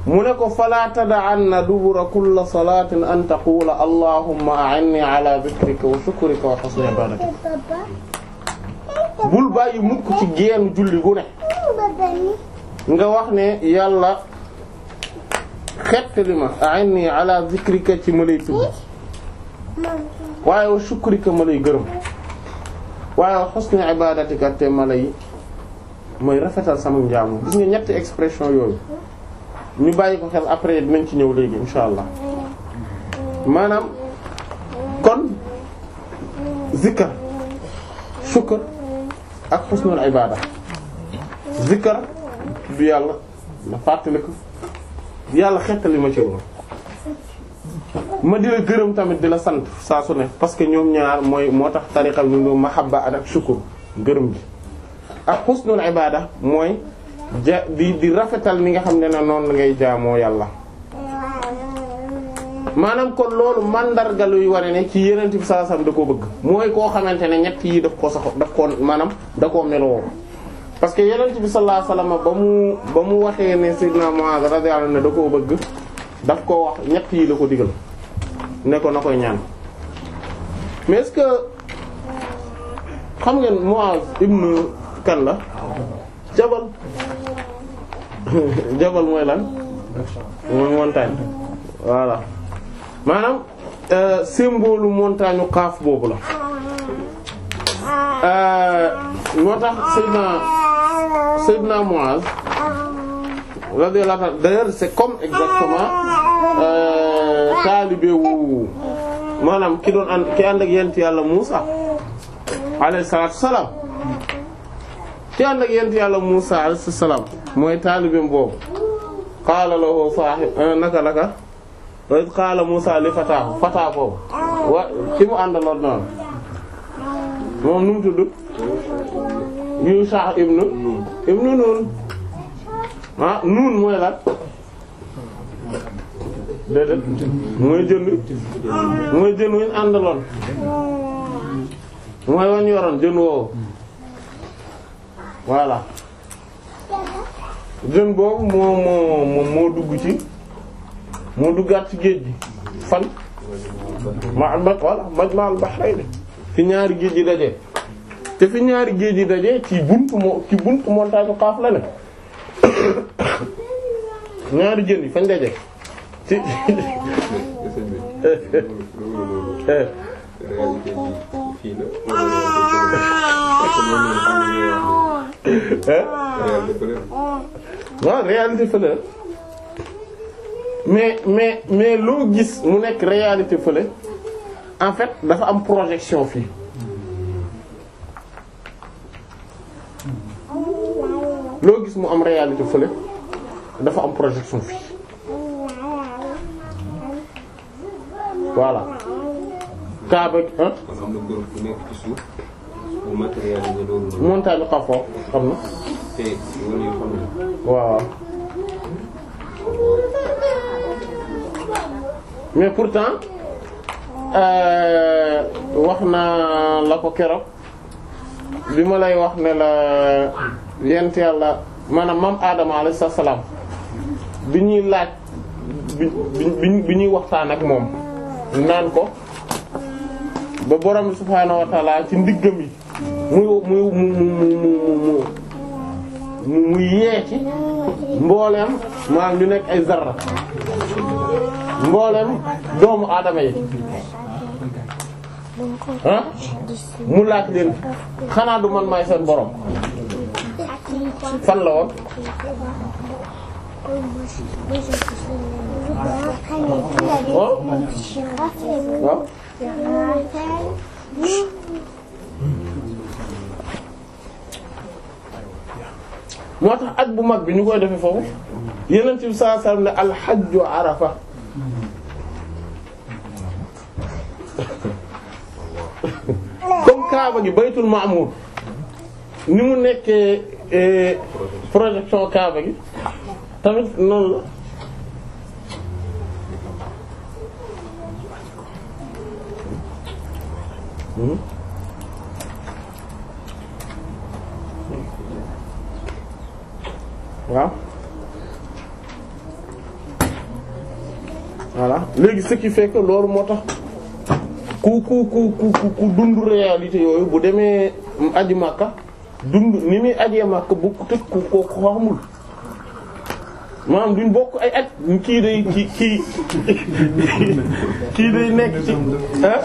mu ne ko falaa tada'anna dubura kulla salaatin an taqula allahumma a'inni ala dhikrika wa shukrika wa husni ibadatik bul bàyyi mukk ci génn julli gu ne nga wax ne yàlla xettali ma a'inni ala zikrika ci ma lay tudd waaye wa shukrika ma lay gërëm waaye wa husni ibadatika te ma lay mooy rafetal sama njaamu gis nga ñetti expression yooyu ñu bàyyi ko xel après dinañ ci ñëw léegi insha allah maanaam kon zikkar shukr ak husnul ibada zikkar du yàlla na fàttaliku yàlla xettali ma ci loolu ma di gërëm tamit di la sant saa su ne parce que ñoom ñaar mooy moo tax tariqa bi lu mahabba ak shukr gërëm gi ak xusnul ibada mooy ja di di rafetal ni nga xam ne ne la ngay jaamoo yàlla maanaam kon loolu mandarga luy wane ne ci yenent bi sallallahu da koo bëgg mooy koo xamante ne ñett yi daf koo sax daf ko maanaam da koo meloo parce que yenent bi sallallahu alayhi wasallam ba mu ba mu waxee ne sayyidina Muaz radiyallahu anhu ne da koo bëgg daf koo wax ñett yi la ko digal ne ko na koy ñaan mais ce que xam ngeen Muaz ibnu kan la jabal jabal mooy lan mooy montagne voilà maanaam euh, symbole montagne u Qaaf boobu la Euh, moo tax Seydina Seydina Muaz radiyallahu anhu d'ailleurs c'est comme exactement euh, maanaam ki doon ànd ki ànd ak yent yàlla Muusa alayhi salaatu salaam ki ànd ak yent yàlla Muusa alayhi salaam mooy taalibeem boobu qaala lahu saahib euh, naka laka wa qaala Muusa li fataahu fataa boobu wa ki mu àndaloon noonu moom nu mu tudd Yusha ibnu ibnu Nun ah Nun mooy lan déedéet mooy jën mooy jën wuñ àndaloon mooy wañ yoroon jën woowu voilà jën boobu moo moo moo moo dugg ci moo duggaat ci géej gi fan ma bat walla maj ma al bahrayn fi ñaari géej yi daje te fi ñaari géej yi daje ci buntu moo ci buntu montagne Xaaf la ne ñaari jën yi fañ daje ci waaw réalité fële mais mais mais loo gis mu nekk réalité fële en fait dafa am projection fii loo gis mu am réalité fële dafa am projection fii voilà Kaaba ah. am na góor bu nekk na. waaw. mais pourtant. Euh, wax naa la ko keroog bi ma lay wax ne la yent yàlla maanaam mam Adama alayhi salaam bi ñuy laaj bi bi ñuy waxtaan ak moom naan ko ba borom bi subhaanahu wa ci ndiggam yi muy muy mu mu mu mu mu yee ci mbooleem maanaam lu nekk ay zarra mbooleem doomu aadama yi mu laaj leen xanaa du man maay seen boroom fan la woon moo tax at bu mag bi ñu koy defee foofu yeneen ci saa saa ne alxajju arafa kaaba gi baytul ma'mur ni mu nekkee eh, projection kaaba gi tamit noonu la hmm? waaw voilà léegi ce qui fait loolu moo tax ku ku ku ku ku dund réalité yooyu bu demee aji màkka dund ni muy ajee màkka bokku tëg ku ko xamul maanaam duñ bokk ay at kii day kii kii kii day nekk ah?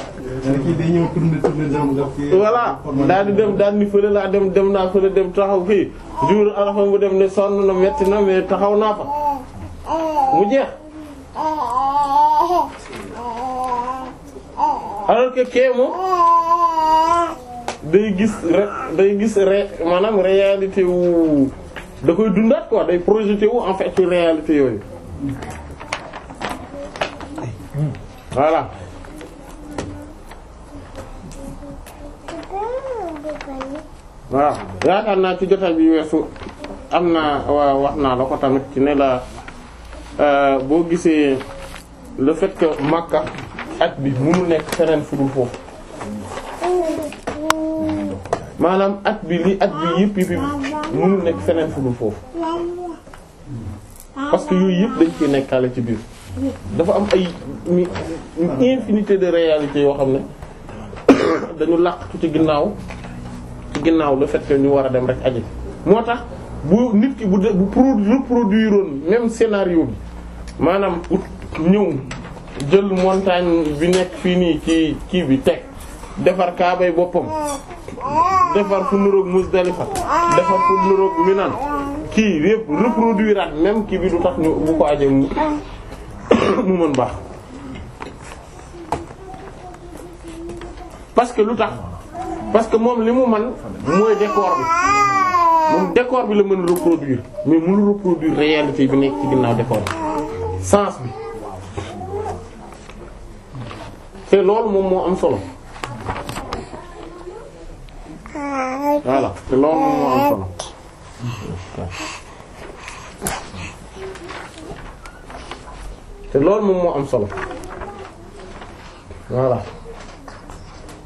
ci voilà daal di dem daal di fële laa dem dem naa fële dem taxaw fii jour arafa mu dem ne sonn na metti na mais taxaw naa fa mu jeex alors que kee day gis day gis ré maanaam réalité wu da koy dundaat quoi day projeté wu en fait réalité yooyu waaw yaakaar naa ci jotaay bi weesu am naa waaw wax naa la ko tamit ci ne la euh, boo gisee le fait Makka. aj bi mënul nekk feneen fu dul foofu maanaam at bi li aj bi yëpp yëpp nekk feneen fu dul foofu parce que yooyu yëpp dañ ciy nekkaale ci biir dafa am ay infinité de réalités yoo xam ne dañu làqtu ci ginnaaw ci ginnaaw la fait ñu war a dem rek aji moo tax bu nit ki bu de bu reproduire woon même scénario bi maanaam ut ñëw jël montagne bi nekk fii nii ci kii bi teg defar kaabay boppam defar fu nuroog Muzdalifa defar fu nuroog Minan kii yëpp reproduire at même kii bi du tax bu ko ajee mu mën baax parce que lu tax parce que moom li mu man mooy décor bi moom décor bi la mën reproduire mais mënu reproduire réalité bi nekk ci ginnaaw décor sens bi te loolu moom moo am solo voilà te loolu moom moo am solo te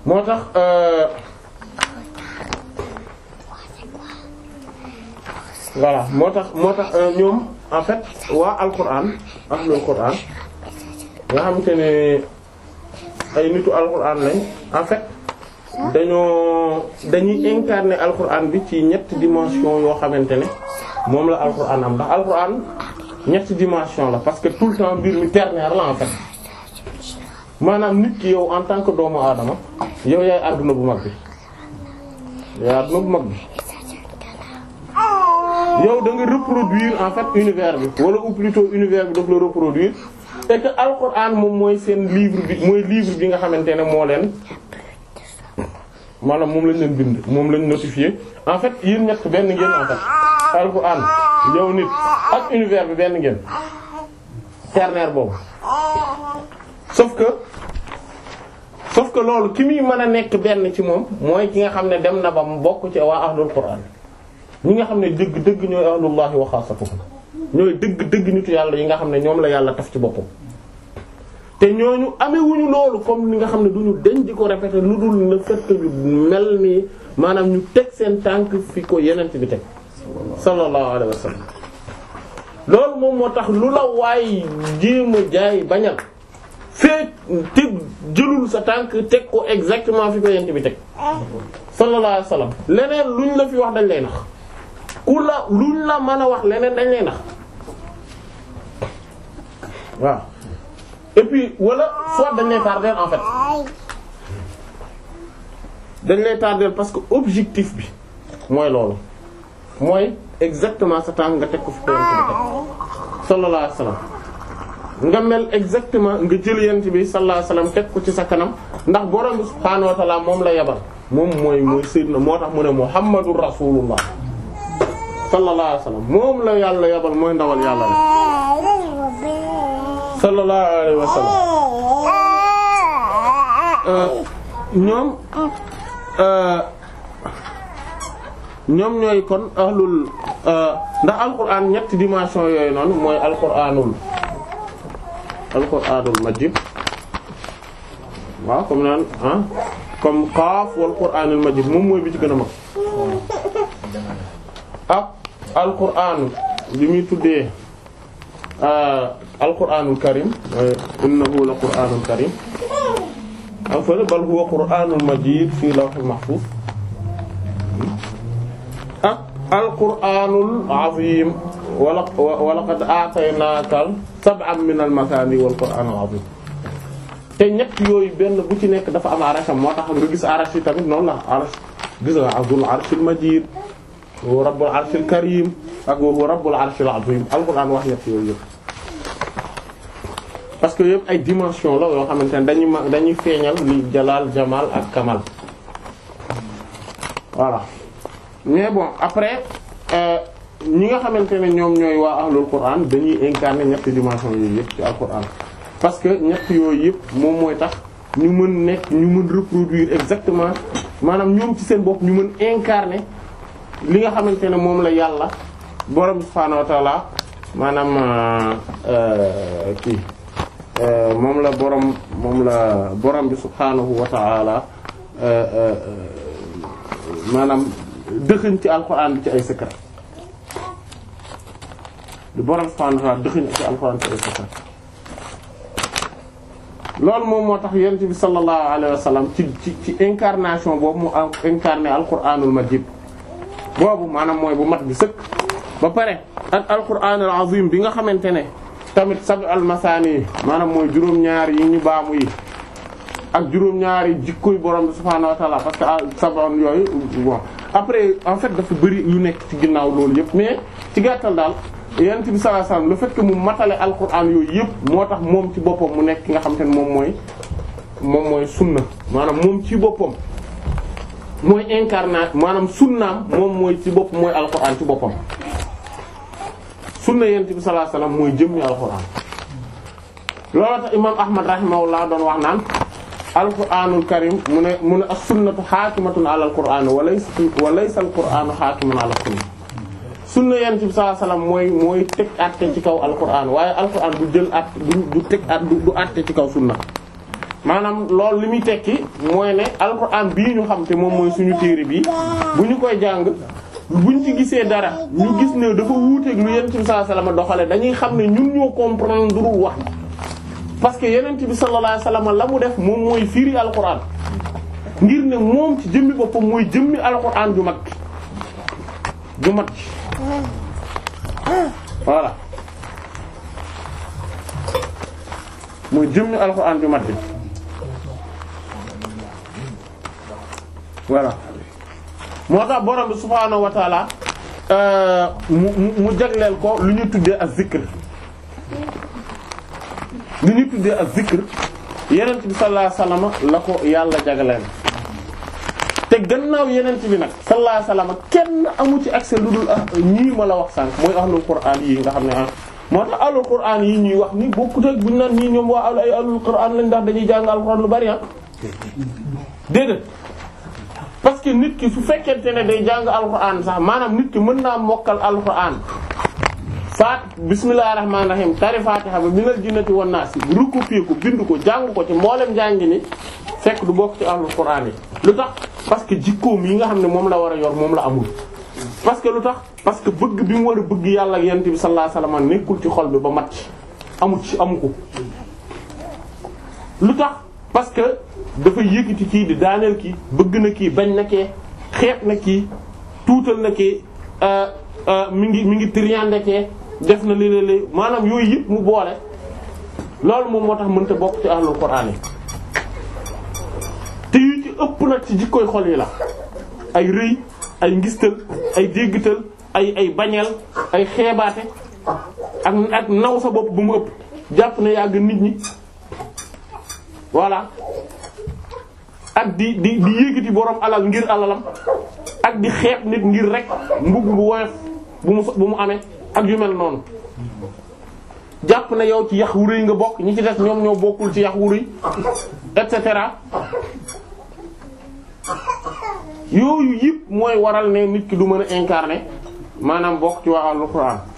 moo tax euh, voilà moo tax moo tax euh, ñoom en fait waa Alquran ahlul Quran nga xamante ne. ay nitu alxuraan lañ en fait dañoo dañuy incarner alxuraan bi ci ñett dimension yoo xamante ne moom la alxuraan am ndax alxuraan ñetti dimension la parce que tout le temps mbir mu ternaire la en fait maanaam nit ki yow en tant que doomu aadama yow yaay àdduna bu mag bi yaay àdduna bu mag bi yow da nga reproduire en fait univers bi wala ou plutôt univers bi daf la reproduire et que alxuraan moom mooy seen livre bi mooy livre bi nga xamante ne moo leen maanaam moom lañ leen bind moom lañ notifié en fait yéen ñett benn ngeen en fait alxuraan yow nit ak univers bi benn ngeen ternaire boobu sauf que sauf que loolu ki muy mën a nekk benn ci moom mooy ki nga xam ne dem na ba mu bokk ci waa ahlul quran ñi nga xam ne dëgg dëgg ñooy ahlullahi wa xaasatuhu ñooy dëgg dëgg nitu yàlla yi nga xam ne ñoom la yàlla taf ci boppam te ñooñu amewuñu loolu comme li nga xam ne duñu deñ di ko répéter lu dul le fait que mel ni maanaam ñu teg seen tànk fi ko yenent bi teg sallallahu alayhi wa sallam moom moo tax lu la waay jéem jaay bañal feek te sa tànk teg ko exactement fi ko teg sallallahu alayhi wa luñ la fi wax dañ lay nax ku la luñ la mën a wax leneen dañ lay nax waaw et puis wala soit dañ lay tardeel en fait dañ lay tardeel parce que objectif bi mooy loolu mooy exactement sa tànk nga teg ko fi ko yent bi teg nga mel exactement nga jël yent bi sallallahu alayhi wasallam teg ko ci sa kanam ndax borom bi subhaanahu wa moom la yabal moom mooy mooy sayyidna moo tax mu ne muhammadur rasulullah sallallahu alayhi wasallam moom la yàlla yabal mooy ndawal yàlla la sallallahu alayhi wa oh. ñoom euh, ñoom ñooy kon ahlul euh, ndax alquran ñetti dimension yooyu noonu mooy alquranul alquranul majid waaw comme naan ah comme wal qur'anul majid moom mooy bi ci gën a mag oh. ak alquran bi muy alquranul karim innahu la quranul karim am fële bal huwa quranul majid fii lawhil mahfuz ak alquranul azim wala wala qad aataynaaka sab'an minal mathani wal qur'anil azim te ñett yooyu benn bu ci nekk dafa am arasham moo tax nga gis arash yi tamit noonu la arash gis nga azul arshil majid wa rabbul arshil karim ak wa rabbul arshil azim alquran wax ñett yooyu yëpp parce que yëpp ay dimension la yoo xamante ne dañuy dañuy feeñal li jalaal jamal ak kamal voilà mais bon après euh, ñi nga xamante ne ñoom ñooy waa ahlul quran dañuy incarner ñetti dimension yooyu yëpp ci alquran parce que ñett yooyu yëpp moom mooy tax ñu mën nekk ñu mën reproduire exactement maanaam ñoom ci seen bopp ñu mën incarner li nga xamante ne moom la yàlla borom subhaanahu wa maanaam euh, euh, kii Euh, moom la borom moom la borom bi subhaanahu wa ta'ala euh, euh, maanaam dëxëñ ci alxuraan bi ci ay secret di borom subhaanahu loolu moom moo tax yonent bi sallallahu alayhi wa ci ci incarnation boobu mu incarné alxuraanul majid boobu maanaam mooy bu mat bi sëkk ba pare ak alxuraanul azim bi nga xamante ne. tamit sab almasaani yi maanaam mooy juróom-ñaar yi ñu baamu yi ak juróom ñaari yi jikkoy borom bi subhaanahu wa ta'ala parce que ah, sabon yooyu bon après en fait dafa bëri yu nekk ci ginnaaw loolu yëpp mais ci gàttal daal yonent bi sallallahu alayhi wasallam le fait que mu matale alquran yooyu yëpp moo tax moom ci boppam mu nekk ki nga xam te ne moom mooy moom mooy sunna maanaam moom ci boppam mooy incarnat maanaam sunnaam moom mooy ci bopp mooy alquran ci boppam sunna yonent bi sallallahu alayhi wasallam mooy jëmmi alxuraan loolu tax imaam Ahmad rahimahullah doon wax naan alxuraanul karim mu ne mu ne as-sunnatu xaakimatun ala alxuraan wa laysa wa laysa alxuraanu xaakimun mooy mooy teg àtte ci kaw alxuraan waaye alxuraan du jël àtte du teg àtte du àtte ci kaw sunna maanaam loolu li muy tekki mooy ne alxuraan bii ñu xam te moom mooy suñu téere bii bu ñu koy jàng. buñ ci gisee dara ñu gis ne dafa wuuteeg lu yonent bi sallallahu alayhi doxale dañuy xam ne ñun ñoo comprendre wax parce que yonent bi sallallahu alayhi wasallam la mu def moom mooy firi alquran ngir ne moom ci jëmmi boppam mooy jëmmi alquran ju mag ju mag voilà mooy jëmmi alquran ju mag bi voilà moo tax borom bi subhaanahu wa taala euh, mu mu jagleel ko lu ñu tuddee ak zikr lu ñu tuddee ak zikr yenent bi sallallahu alayhi wasallam la ko yàlla jagleel te gannaaw yenent bi nag salaa alayhi wasallam kenn amu ci accès lu dul ah, ñii ma la wax sànq mooy ahlul qur'an yi nga xam ne ah moo tax ahlul qur'an yi ñuy wax ni bokkut ak buñu naan ñii ñoom waa ay ahlul qur'an lañ ndax dañuy jàng alxuraan lu bari ah déedéet parce que nit ki su fekkente ne day jàng alxuraan sax maanaam nit ki mën naa mokkal alxuraan faat bismillahir rahmanir rahim tari fatiha ba minal jinnati wan naas yi recopier ko bind ko jàng ko ci mboolem jàngi ni fekk du bokk ci alxuraan yi lu tax parce que jikkoom yi nga xam ne moom la war a yor moom la amul parce que lu tax parce que bëgg bi mu war a bëgg yàlla ak yent bi sallallahu alayhi wasallam nekkul ci xol bi ba mat amu ci amu ko lu tax parce que dafay yëkkati kii di daaneel kii bëgg na kii bañ na kee xeeb na kii tuutal na kii euh, euh, mu ngi mi ngi triande kee def na léeg-léeg maanaam yooyu yëpp mu boole loolu moom moo tax mën te bokk ci ahlul Qur'an yi te yu ci ëpp nag ci jikkooy xol yi la ay rëy ay ngistal ay déggtal ay ay bañeel ay xeebaate ak naw sa bopp bu mu ëpp jàpp na yàgg nit ñi voilà ak di di di yëkkati borom alal ngir alalam ak di xeet nit ngir rek mbugg bu woyof bu mu amee ak yu mel noonu jàpp na yow ci yax wu nga bokk ñi ci des ñoom ñoo bokkul ci yax wu rëy et cetera yooyu yëpp mooy waral ne nit ki du mën a incarner maanaam bokk ci waa alxuraan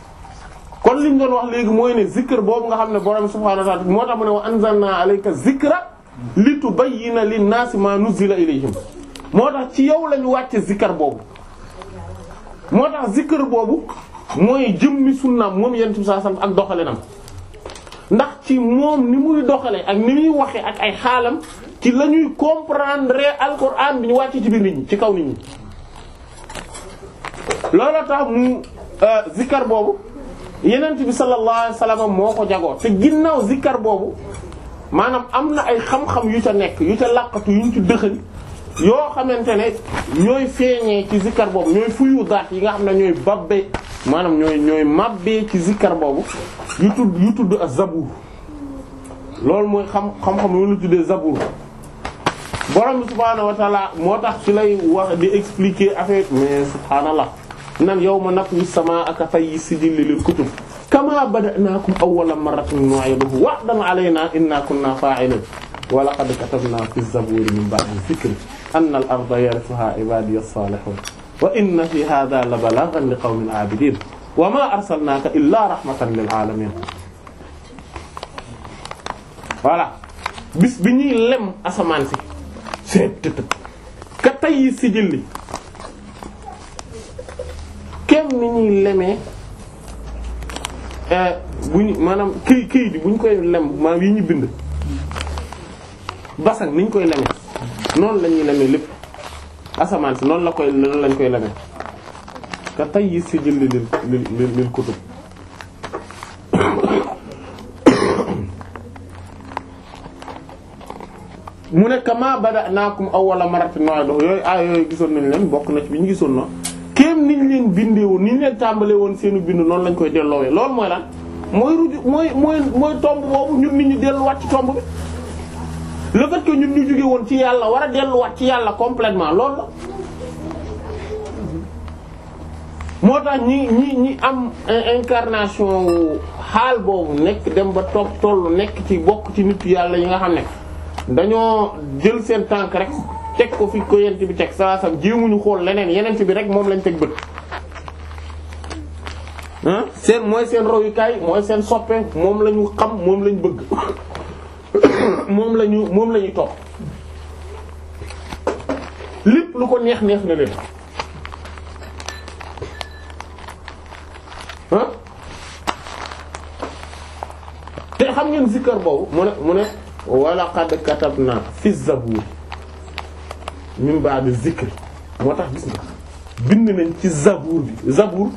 kon li ñu doon wax léegi mooy ne zikr boobu nga xam ne borom subhaanahu wa ta'aala moo tax mu ne wa anzalnaa alayka zikra litubayyina linnaasi maa nuzzila ilayhim moo tax ci yow lañu wàcce zikr boobu moo tax zikr boobu mooy jëmmi sunnaam moom yent bi sallallahu ak doxalinam ndax ci moom ni muy doxale ak ni muy waxe ak ay xaalam ci lañuy ñuy comprendre alquran bi ñu wàcce ci biir nit ñi ci kaw nit ñi loolu tax mu euh, zikr boobu yenent bi sallallahu alayhi wasallam moo ko jagoo te ginnaaw zikkar boobu maanaam am na ay xam-xam yu ca nekk yu ca làqatu yu ci dëxëñ yoo xamante ne ñooy feeñee ci zikkar boobu ñooy fuyu daat yi nga xam ne ñooy babbe maanaam ñooy ñooy màbbee ci zikkar boobu yu tudd yu tudd ak zabuur loolu mooy xam xam-xam ñu tuddee zabuur borom bi subhaanahu moo tax ci lay wax di expliquer affaire mais subhaanallah nan yawma natwi samaa ka tayyi sijilli lil kutub kama bada'naakum awwala marratin nu'iiduhu wa'dan 'alaynaa innaa kunnaa faa'iliin wa laqad katabnaa fi zabuuri min ba'di zikri anna al-arda yarithuhaa 'ibaadiya as-saalihuun wa inna fii haadhaa la balaagan li qawmin 'aabidiin wa maa arsalnaaka illaa rahmatan lil 'aalamiin voilà bis bi ñuy lem asamaan si seet ka tayyi sijilli kem ni ñuy lemee eh, bu ñu maanaam këy këy bi bu ñu koy lem maanaam yi ñu bind basan ni ñu koy leme noonu la ñuy leme lépp asamaan si noonu la koy noonu lañ koy leme ka tay yi si jël lil lil lil kutub mu ne kama bada naakum awwala maratin nooy dox yooyu aay ah, yooyu gisoon nañ leen bokk na ci bi ñu gisoon na kéem niñ leen bindee woon niñ leen tàmbalee woon seenu bind noonu lañ koy delloowee loolu mooy lan mooy ruju mooy mooy mooy tomb boobu ñun nit ñu delluwaat ci tomb bi le fait que ñun ñu jóge woon ci yàlla war a delluwaat ci yàlla complètement loolu la moo tax ñi ñi ñi am incarnation wu xaal boobu nekk dem ba toog tollu nekk ci bokk ci nit yàlla yi nga xam ne dañoo jël seen tànk rek teg ko fi ko yent bi teg saa sam jéemuñu xool leneen yeneen fi bi rek moom lañ teg bët seen mooy seen royukaay mooy seen soppe moom lañu xam moom lañu bëgg moom lañu moom lañuy ñuy topp lépp lu ko neex neex na leen te xam ngeen kër boobu mu ne mu ne wala qad katabna fi zabur min ba'di zikri moo tax gis na bind nañ ci zabour bi zabour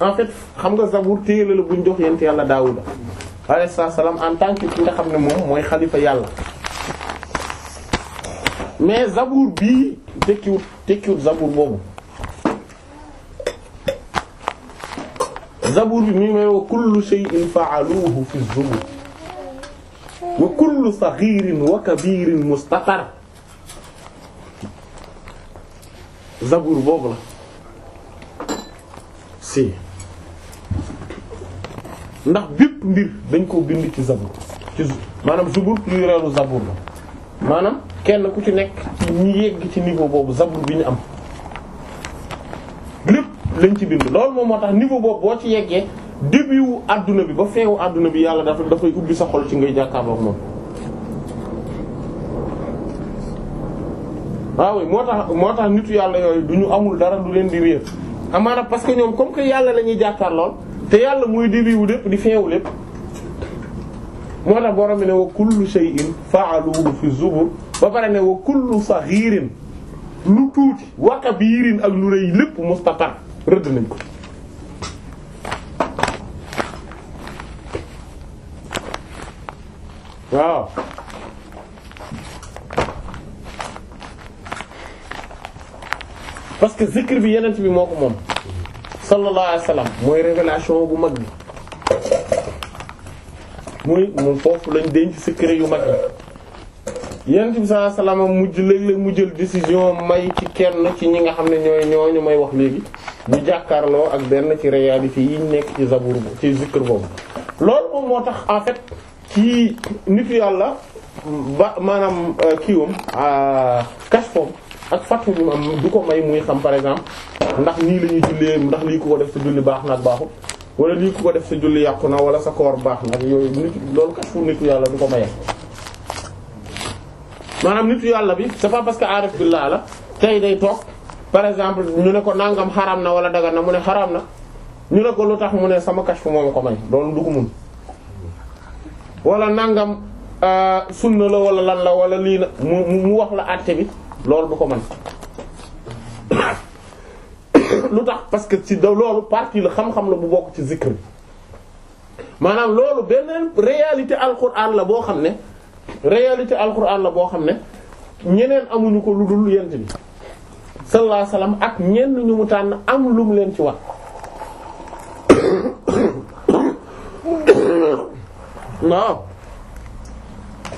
en fait xam nga zabour téere la buñ jox yent yàlla Daawuda alayhi salaam en tant ki nga xam ne moom mooy xalifa yàlla mais zabour bii tekkiwut tekkiwut zabour boobu zabour bi mi ngi may wa kullu shay'in fa'aluhu fi zubur wa kullu saghirin wa kabirin mustatar sabur boobu la si ndax bépp mbir dañ koo bind ci zabur ci maanaam zubur plurielu zabur la maanaam kenn ku ci nekk ci ñi yegg ci niveau boobu zabur bi ñu am lépp lañ ci bind loolu moom moo tax niveau boobu boo ci yeggee début wu àdduna bi ba feewu àdduna bi yàlla dafa dafay ubbi sa xol ci ngay jàkkaarloog moom waaw ah moo tax moo tax nitu yàlla yooyu du ñu amul dara du leen di réer amaana parce que ñoom comme que yàlla la ñuy jàkkaar lool te yàlla muy di riwu lépp di feewu lépp moo tax borom bi ne wa kullu shay'in fa'aluhu fi zubur ba pare ne wa kullu saghirin lu tuuti wa kabirin ak lu rëy lépp mustatar rëdd nañ ko waaw parce que zikr bi yenent bi moo ko moom sallallahu alayhi wa sallam mooy révélation bu mag bi muy moom foofu lañ denc secret yu mag yi yenent bi sallallahu alayhi mujj léeg mu jël décision may ci kenn ci ñi nga xam ne ñooy ñu may wax léegi ñu jàkkaarloo ak benn ci réalité yi nekk ci zabur bu ci zikr boobu loolu moom moo tax en fait ci nitu yàlla ba maanaam euh, kiiwam euh, kashfom ak fàttu bi am du ko may muy xam par exemple ndax nii la ñuy jullee ndax lii ku ko def sa julli baax na ak baaxul wala lii ku ko def sa julli yàqu na wala sa koor baax na ak yooyu nit loolu kat fu nitu yàlla du ko maye. maanaam nitu yàlla bi c'est pas parce que aarif billah la tey day toog par exemple ñu ne ko nangam xaram na wala dagan na mu ne xaram na ñu ne ko lu tax mu ne sama kashfu moom ko may loolu du ko mun wala nangam euh, sunna la wala lan la wala lii la mu wax la àtte bi. loolu du ko man lu tax parce que ci daw loolu partie la xam-xam la bu bokk ci zikr maanaam loolu beneen réalité alquran la boo xam ne réalité alquran la boo xam ne ñeneen amuñu ko lu dul yent bi sallallahu ak ñenn ñu mu tànn am lu mu leen ci wax waaw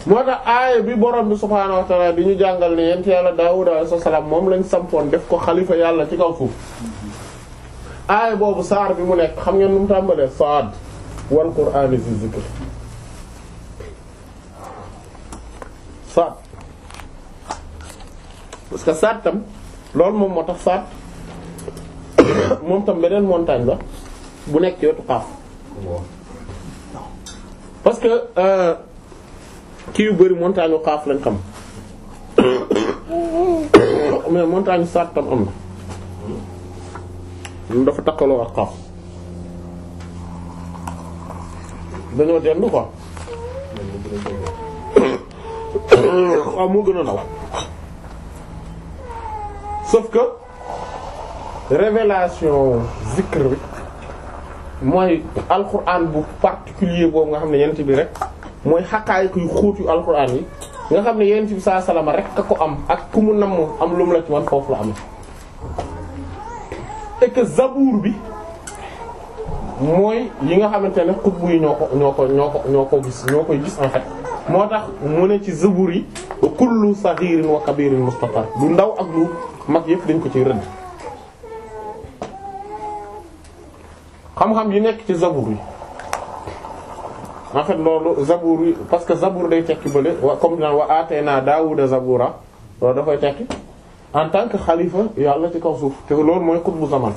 moo tax aaya bi borom bi subhaanahu wa ta'aala di ñu jàngal ne yent yàlla Daawuda alayhi salaam moom lañ sampoon def ko xalifa yàlla ci kaw suuf aaya boobu saar bi mu nekk xam ngeen nu mu tàmbalee saad wal qur'aani zi zikr saad parce que saad tam loolu moom moo tax saad moom tam beneen montagne la bu nekk ci wetu Qaaf kii yu bari montagne xaaf lañ xam mais montagne saat tam am na dafa takkaloo ak xaaf dañoo dend quoi waaw moo gën a ndaw sauf que révélation zikr bi mooy alquran bu particulier boobu nga xam ne yent bi rek mooy xaqaayiku yu xóot yu alxuraan yi nga xam ne yeneen ci bi saa salama rek a ko am ak ku mu namm am lu mu la ci man foofu la am et que zabuur bi mooy yi nga xamante ne xutbu yi ñoo ko ñoo ko ñoo ko ñoo ko gis ñoo koy gis en moo tax mu ne ci zabuur yi kullu saghirin wa kabirin mustatar lu ndaw ak lu mag yëpp dañ ko ci rëdd xam-xam yi nekk ci zabuur yi en fait loolu zabuur yi parce que zabuur day tekki bële wa comme naan wa atayna Daawuda zabura loolu dafay tekki en tant que xalifa yàlla ci kaw suuf te loolu mooy xutbu zaman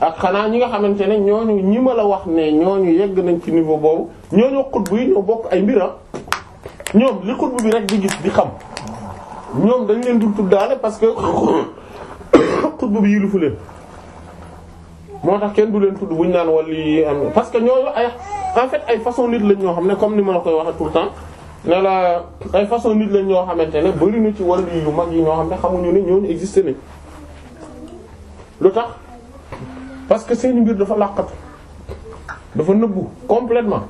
ak xanaa ñi nga xamante ne ñooñu ñi ma la wax ne ñooñu yegg nañ ci niveau boobu ñooñu xutbu yi ñoo bokk ay mbira ah. ñoom li xutbu bi rek di gis di xam ñoom dañ leen dul tuddaale parce que xutbu bi yilifu leen moo tax kenn du leen tudd bu ñu naan wala parce que ñooñu ay en fait ay façon nit lañ ñoo xam ne comme ni ma la koy waxee tout le temps ne la ay façon nit lañ ñoo xamante ne bari na ci wàll yu mag yi ñoo xam ne xamuñu ne ñooñu existé nañ lu tax parce que seen mbir dafa làqatu dafa nëbbu complètement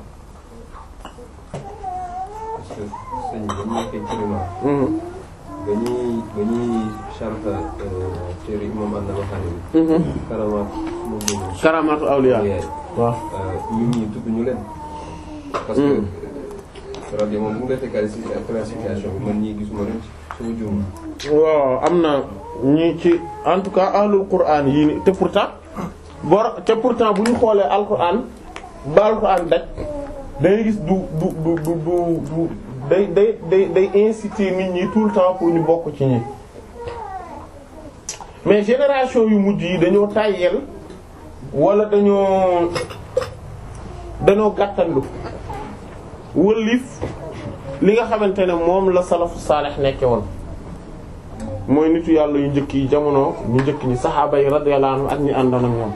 sharta eh, téere moom ànd na xaalim karamaatu moom moom karamaatu awliya waaw eh, ñii tudd ñu mhm. eh, am na ñi ci en tout cas ahlul qur'an yii ni te pourtant bor te pourtant bu ñu xoolee alquran ba alquran daj day gis du du day day day day nit ñi tout le temps pour ñu bokk ci ñi mais génération yu mujj yi dañoo tàyyeel wala dañoo dañoo gàttandu wëllif li nga xamante ne moom la salafu saalih nekke woon mooy nitu yàlla yu njëkk yi jamono ñu njëkk ñi saxaaba yi radiyallahu ak ñi àndoon ak ñoom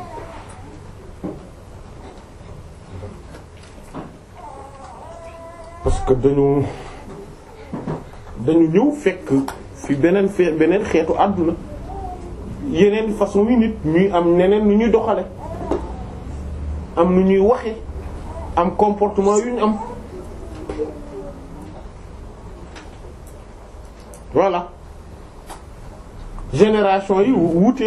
parce que dañu dañu ñëw fekk fi beneen fe beneen xeetu àdduna yeneen façon yi nit ñuy am neneen lu ñuy doxale am lu ñuy waxe am comportement yu ñu am voilà génération yi wuute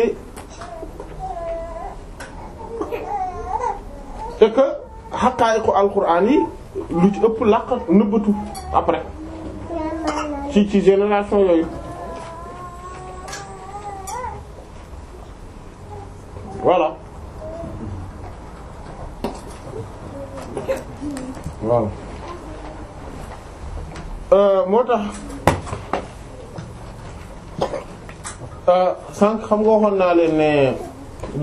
et que xaqaayiqu alxuraan yi lu ci ëpp làq nëbbatu après ci ci génération yooyu voilà voilà euh, moo tax euh, sànq xam nga waxoon naa leen ne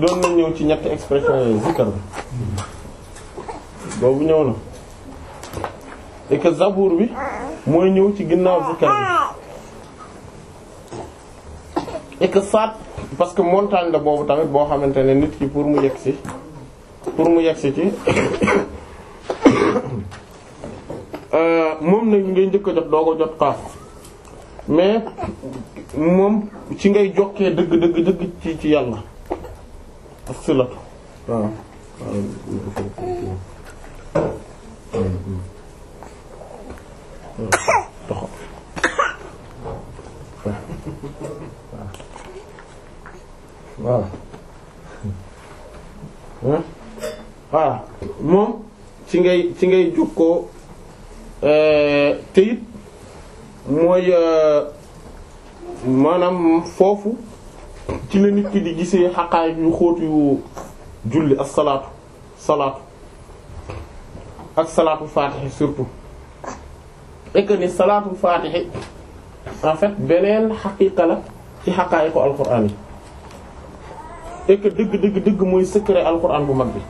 doon na ñëw ci ñetti expression yi zikar bi boobu ñëw na et que bi mooy ñëw ci ginnaaw zikar bi et que soit parce que montagne la boobu tamit boo xamante ne nit ki pour mu yegg si pour mu yegg si ci moom nag ngay njëkk a jot doo ko jot xaaf mais moom ci ngay jokkee dëgg dëgg dëgg ci ci yàlla ak voilà moom ci ngay ci ngay jokkoo euh, te it mooy euh, maanaam foofu ci la nit ki di gisee xaqaay yu xóot yu julli ak salaatu salaatu ak salaatu faatixi surtout et que ni salaatu faatixi en fait beneen xaqiiqa la ci xaqaay ko alxuraan yi et que dëgg dëgg muy mooy secret alxuraan bu mag bi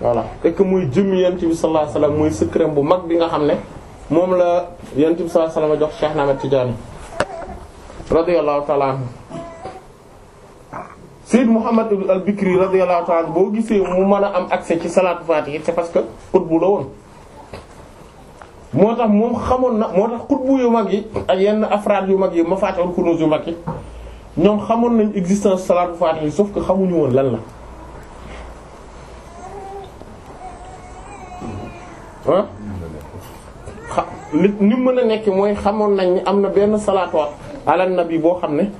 voilà et que muy jëmm yent bi sallallahu alayhi wasallam mooy bu mag bi nga xam ne moom la yent bi sallallahu alayhi wasallam jox Cheikh Ahmed Tidiane radiyallahu ta'ala anhu Sayyid Muhammad al-Bikri radiyallahu ta'ala boo gisee mu mën a am accès ci salaatu faatihi c'est parce que ut bu la woon moo tax moom xamoon na moo tax xutbu yu mag yi ak yenn afraad yu mag yi ma faatihul kunuuz yu mag yi ñoom xamoon nañ existence salaatu faatih sauf que xamuñu woon lan la ah ni mën a nekk mooy xamoon nañ ni am na benn salaato ala nabi boo xam ne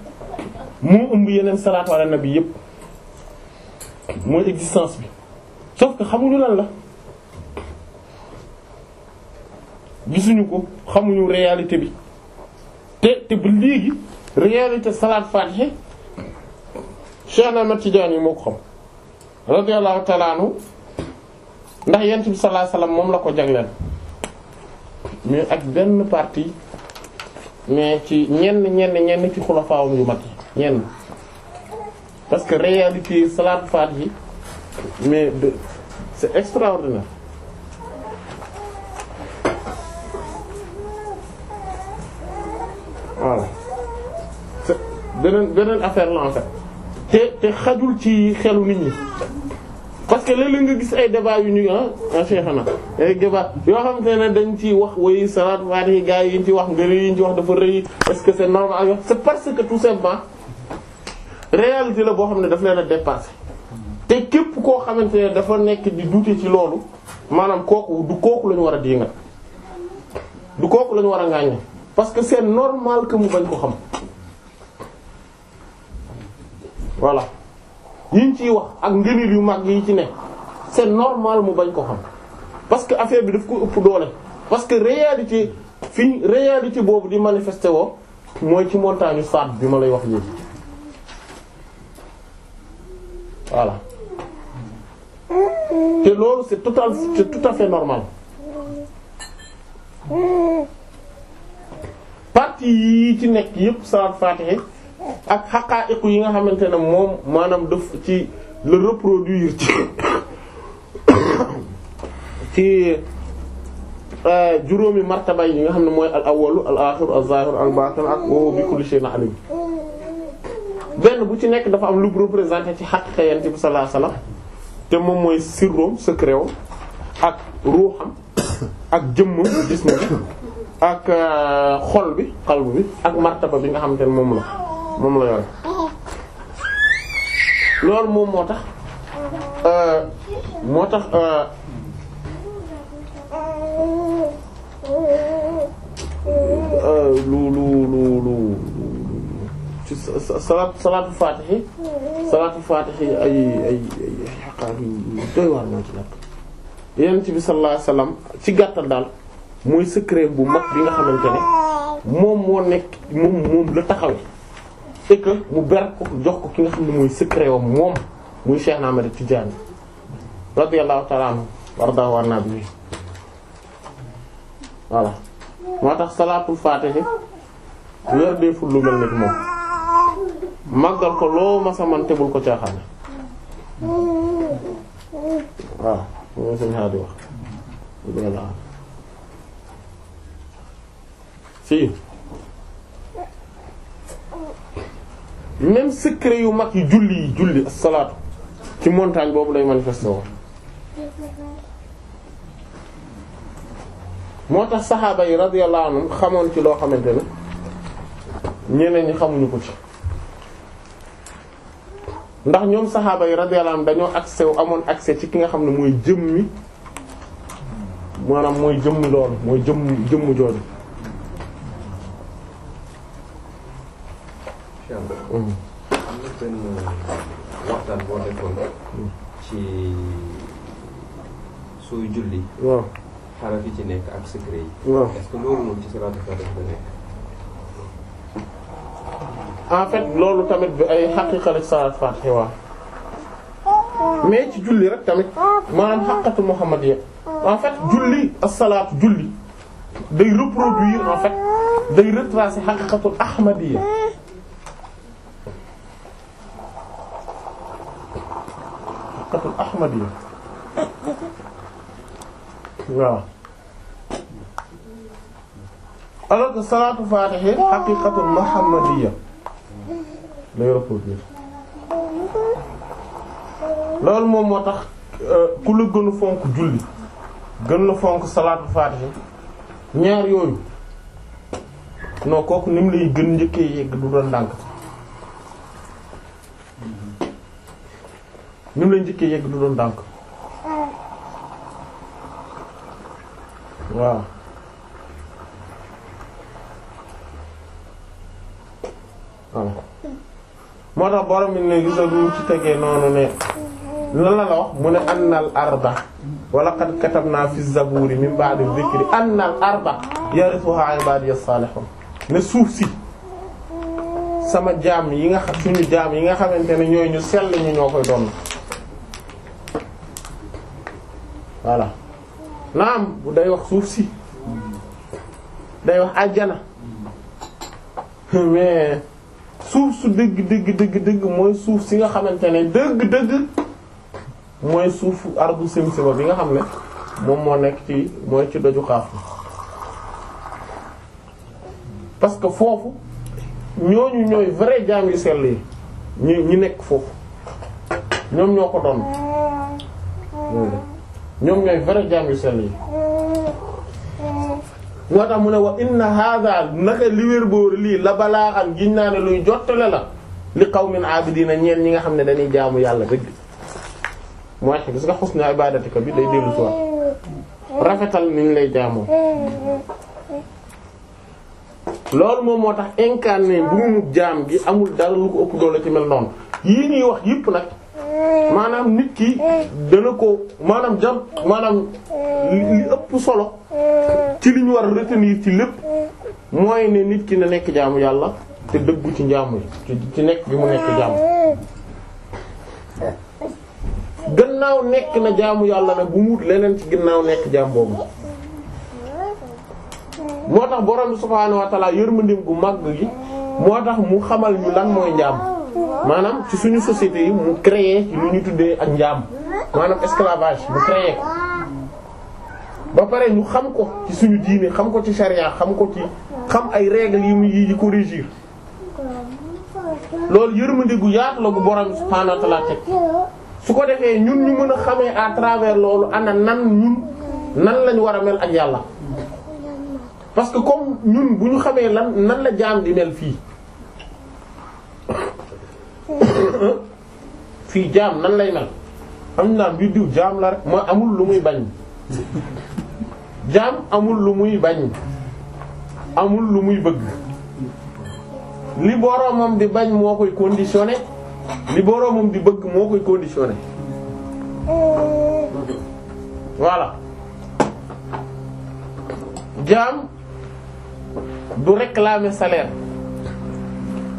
moo ëmb yeneen salaatu ala nabi yépp mooy existence bi sauf que xamuñu lan la gisuñu ko xamuñu réalité bi te te ba léegi réalité salaat fatiha Cheikh Ahmed Tidiane moo ko xam radiyallahu ta'ala anhu ndax yent bi sallallahu alayhi moom la ko jagleel mais ak benn partie mais ci ñenn ñenn ñenn ci xulafaawam yu mag yi ñenn parce que réalité salaat fatiha mais de c'est extraordinaire waaw c'est beneen beneen affaire la en te te xajul ci xelu nit ñi parce que léeg-léeg nga gis ay débat yu ñu ah Cheikhana ay débat yoo xam te ne dañ ci wax way salaat waatyi gars yi ñu ci wax ngëri yi ñu ci wax dafa rëy est-ce que c'est normal c'est parce que tout simplement réalité la boo xam ne daf leen a dépassé te képp koo xamante ne dafa nekk di douter ci loolu maanaam kooku du kooku la war a diinga du kooku la war a ngàññe parce que seen normal que mu bañ ko xam voilà yiñ ciy wax ak ngënil yu mag yi ci ne seen normal mu bañ ko xam parce que affaire bi daf ko ëpp doole parce que réalité fi réalité boobu di manifester woo mooy ci montagne Saad bi ma lay wax nii voilà te loolu c'est total c'est tout à fait normal. partie yi ci nekk yëpp salaat faatiha ak xaqaa'iq yi nga xamante ne moom maanaam daf ci le reproduire ci ci euh, juróomi martaba yi nga xam ne mooy al awwalu al aaxiru al zaahiru al baatin ak wa bi kulli shay'in alim benn bu ci nekk dafa am lu représenté ci xaqiqa yonent bi sallallahu te moom mooy sirroom secret ak ruuxam ak jëmm gis na ak xol bi xalbu bi ak martaba bi nga xamante ne moom la moom la yore loolu moom moo tax moo tax lu lu lu lu ci salaat salaatu faatixi salaatu faatixi ay ay ay xaqaar yu doy waar moo ci nekk yonent bi sallallahu alayhi wasallam ci gàttal daal mooy secret bu mag bi nga xamante ne moom moo nekk moom moom la taxawee et que mu ber ko jox ko ki nga xam ne muy Cheikh Ahmed Tidiane radiyallahu ta'ala anhu di wax si même secret yu mag yi julli yi julli salaatu ci montagne boobu lay manifesté woon moo tax saxaaba yi radiyallahu anhum xamoon ci loo xamante ne ñeneen ñi xamuñu ko ci ndax ñoom saxaaba yi radiyallahu anhum dañoo accès wu amoon accès ci ki nga xam ne mooy jëmm jëmmi maanaam mooy jëmm loolu mooy jëmm jëmm jooju am na benn waxtaan boo defoon ci sooy julli. waaw xaraf yi ci nekk ak secret yi. waaw est-ce que loolu moom ci salaatu faatiha la nekk. en fait loolu tamit bi ay xaqiqa la ci salaatu faatiha waaw mais ci julli rek tamit maanaam xaqatu muhammadiyya en fait julli as-salaatu julli day reproduire en fait day retracer xaqiqatul ahmadiyya tariqatul ahmadiyya waaw alors que salaatul faatihi haqiqatul muhammadiyya lay loolu moom moo tax euh, ku la gën a fonk julli gën la fonk salaatul faatihi ñaar yooyu non kooku ni lay gën njëkkee yegg du doon ndànk ñu la njëkkee yegg du doon dànk waaw waaw moo tax borom mi ne gisa lu ci tegee noonu ne lan la wax mu ne annal arda wala qad katabna fi zaburi min ba'di dhikri annal arda yarithuha ibadiy salihun ne suuf si sama jaam yi nga xam suñu jaam yi nga xamante ne ñooy ñu sell ñu ñoo koy doon voilà bu day wax suuf si day wax àjjana mais suuf su dëgg dëgg dëgg dëgg mooy suuf si nga xamante ne dëgg dëgg mooy suuf arbu simsima bi nga xam ne moom moo nekk ci mooy ci doju xaaf parce que foofu ñooñu ñooy vrai jaam yu sell yi ñi ñu nekk foofu ñoom ñoo ko doon ñoom ñooy vrai jaam yu sell yi moo tax mu ne wa inna hadha naka li wér bóor lii la balaa am giñ naa ne luy jottale la li qawmin abidina ñeen ñi nga xam ne dañuy jaamu yàlla dëgg mooy gis nga xusna ibadatika bi day dellu soir rafetal niñ lay jaamoo loolu moom moo tax incarné bu mu jaam gi amul dara lu ko ëpp doole ci mel noonu yii ñuy wax yépp nag maanaam nit ki dana ko maanaam jar maanaam li ëpp solo ci li ñu war a retenir ci lépp mooy ne nit ki na nekk jaamu yàlla te dëggu ci njaamu yi ci nekk bi mu nekk jaamu gannaaw nekk na jaamu yàlla nag bu mu wut leneen ci gannaaw nekk jaam boobu moo tax borom bi subhaanahu wa ta'ala yërmandim gu mag gi moo tax mu xamal ñu lan mooy njaam maanaam ci suñu société yi mu créer lu ñu tuddee ak njaam maanaam esclavage mu créer ko ba pare ñu xam ko ci suñu diine xam ko ci charia xam ko ci xam ay règles yi mu yi ko régir loolu yërmande gu yaatu la gu borom subhaanahu wa ta'ala su ko defee ñun ñu mën a xamee à travers loolu ana nan ñun nan lañu war a mel ak yàlla parce que comme ñun bu ñu xamee la nan la jaam di mel fii fii jaam nan lay mel am naa mbir diw jaam la rek mooy amul lu muy bañ jaam amul lu muy bañ amul lu muy bëgg li boroomam di bañ moo koy conditionné li boroomam di bëgg moo koy conditionné voilà jaam du réclamer salaire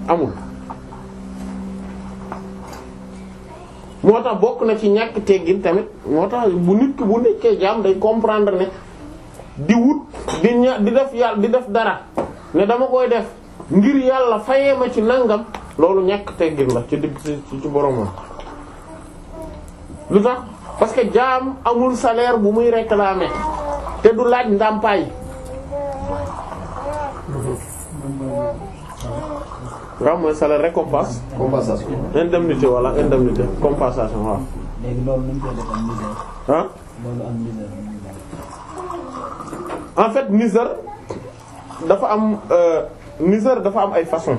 amul moo tax bokk na ci ñàkk teggin tamit moo tax bu nit ki bu nekkee jaam day comprendre ne di wut di ña di def yàlla di def dara ne dama koy def ngir yàlla fayee ma ci nangam loolu ñàkk teggin la ci digg ci boromam lu tax parce que jaam amul salaire bu muy réclamer te du laaj ndàmpaay. waaw mooy salaire récompense. compensation indemnité voilà indemnité compensation waaw. léegi loolu nu ñu koy def am misère. ah loolu am misère. en fait misère dafa am euh, misère dafa am ay façon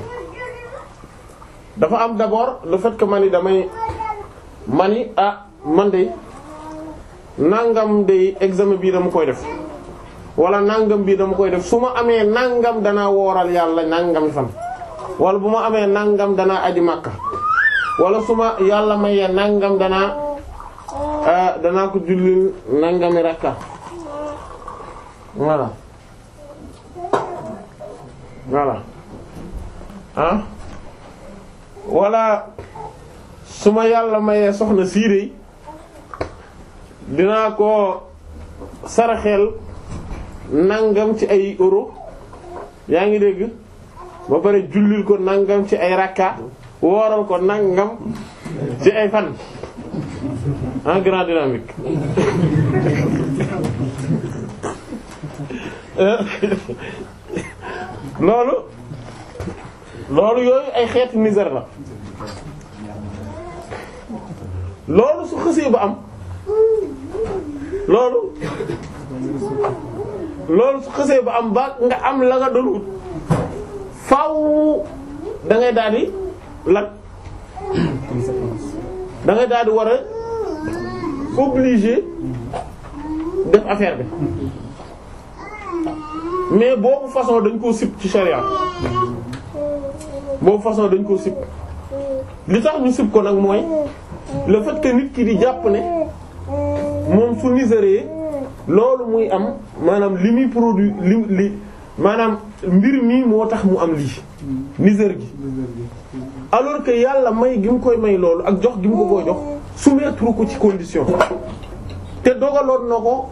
dafa am d'abord le fait que man ni damay mani ni ah man de nangam de examen bii dama koy def. wala nangam bii dama koy def su ma amee nangam danaa wooral yàlla nàngam fan. wala bu ma amee nangam dana aji Makka wala su ma yàlla mayee nangam danaa ah, danaa ko jullil nangami rakka voilà voilà ah wala su yàlla mayee soxna siirey dinaa ko saraxeel nangam ci ay euro yaa ngi dégg ba pare jullil ko nangam ci ay rakka wooral ko nangam ci ay fan en grand dynamique loolu loolu yooyu ay xeetu misère la loolu su xësee ba am loolu loolu su xësee ba am ba nga am la nga doon faw da ngay daal di lan da daal di war a obligé def affaire bi mais boobu façon dañ koo sip ci sharia boobu façon dañ koo sip li tax ñu sip ko nag mooy le fait que nit ki di jàpp ne moom su miséré loolu muy am maanaam li muy produit li li. maanaam mbir mii moo tax mu am lii hmm. misère gi alors que yàlla may gi mu koy may loolu ak jox gi mu ko koy jox soumettre ko ci condition te dogaloon na ko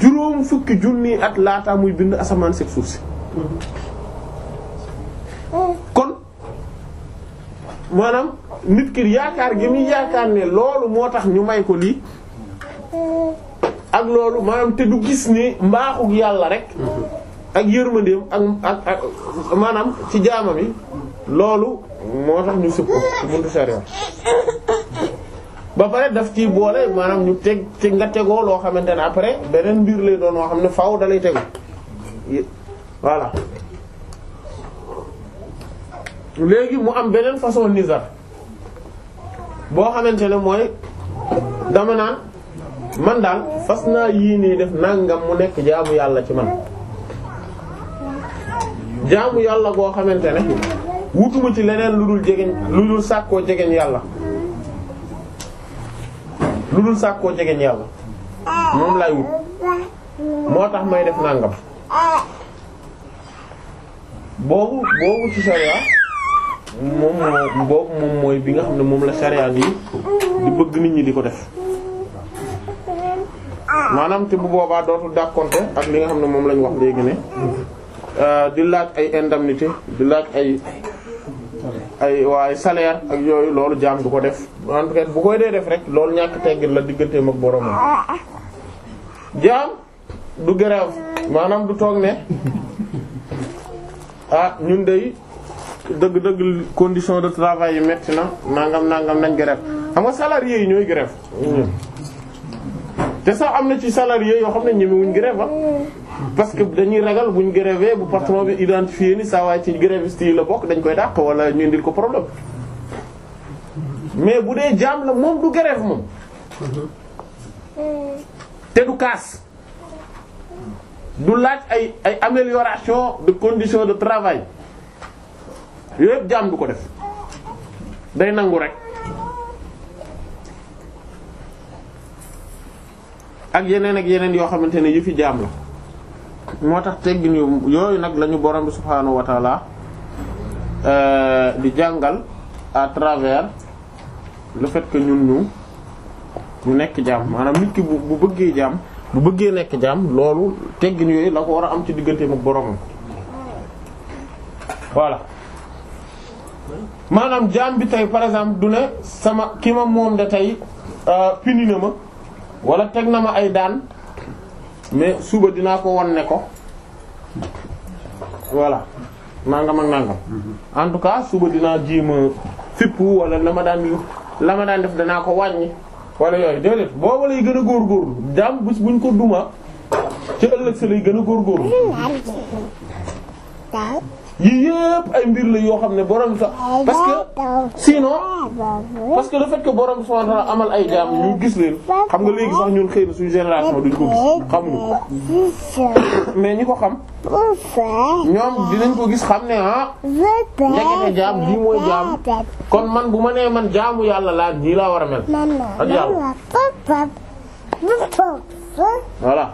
juróom fukki junni at laata muy bind asamaan seeg suuf si kon maanaam nit ki yaakaar gi muy yaakaar ne loolu moo tax ñu may ko lii ak loolu maanaam te du gis ni mbaaxug yàlla rek ak yërmandeem ak ak ak maanaam ci jaamam yi loolu moo tax ñu sëb ko ci buntu sariya ba pare daf ci boole maanaam ñu teg ci nga tegoo loo xamante ne après beneen mbir lay doon loo xam ne faaw dalay tegu voilà léegi mu am beneen façon nizar boo xamante ne mooy dama naan man daal fas naa yii nii def nangam mu nekk jaamu yàlla ci man jaamu yàlla goo xamante ne wutuma ci leneen lu dul jegeñ lu dul sàkkoo jegeñ yàlla lu dul sàkkoo moom lay wut moo tax may def nàngam boobu boobu ci sharia moom moo boobu moom mooy bi nga xam ne moom la sharia yi di bëgg nit ñi di ko def maanaam te bu boobaa dootul dàkkonte ak li nga xam ne moom lañ wax léegi ne Euh, di laaj ay indemnité di laaj ay ay waaye salaire ak yooyu loolu jaam du ko def en bu koy dee def rek loolu ñàkk teggin la digganteem ak boromam jaam du grève maanaam du toog ne ah ñun dey dëgg-dëgg condition de travail yi metti na nangam nangam nañ grève xam nga salarié yi ñooy grève te sax am na ci salarié yoo xam ne ñeme wuñ grève ah parce que dañuy ragal buñ grévé bu patron bi identifié ni saa waay ci gréviste yi la bokk dañ koy dàq wala ñu indil ko problème mais bu dee jaam la moom du grève moom te du kaas du laaj ay ay amélioration de conditions de travail yooyu yëpp jaam du ko def day nangu rek ak yeneen ak yeneen yoo xamante ne yu fi jaam la moo tax teggin yooyu nag lañu borom bi subhaanahu wa taala euh, di jàngal à travers le fait que ñun ñu ñu nekk jaam maanaam nit ki bu bu bëggee jaam bu bëggee nekk jaam loolu teggin yooyu la ko war a am ci digganteem ak boromam voilà maanaam jaam bi tey par exemple du ne sama ki ma moom da tey euh, pini na ma wala teg na ma ay daan mais suba dinaa ko won ne ko voilà nangam ak nangam mhm. en tout cas suba dinaa jéem a fippu wala la ma daan la ma daan def danaa ko wàññi wala yooyu déedéet booba lay gën a góorgóorlu daam bés buñ ko duma ci ëllëg sa lay gën a góor góor yii yëpp ay mbir la yoo xam ne borom sax parce que sinon parce que le fait que borom amal ay jaam ñu gis leen xam nga léegi sax ñun xëy na suñu génération duñ ko gis xamuñu ko mais ñi ko xam ñoom dinañ ko gis xam ne ah ndekete jaam lii mooy jaam kon man bu ma nee man jaamu yàlla laa nii laa war a mel ak yàlla voilà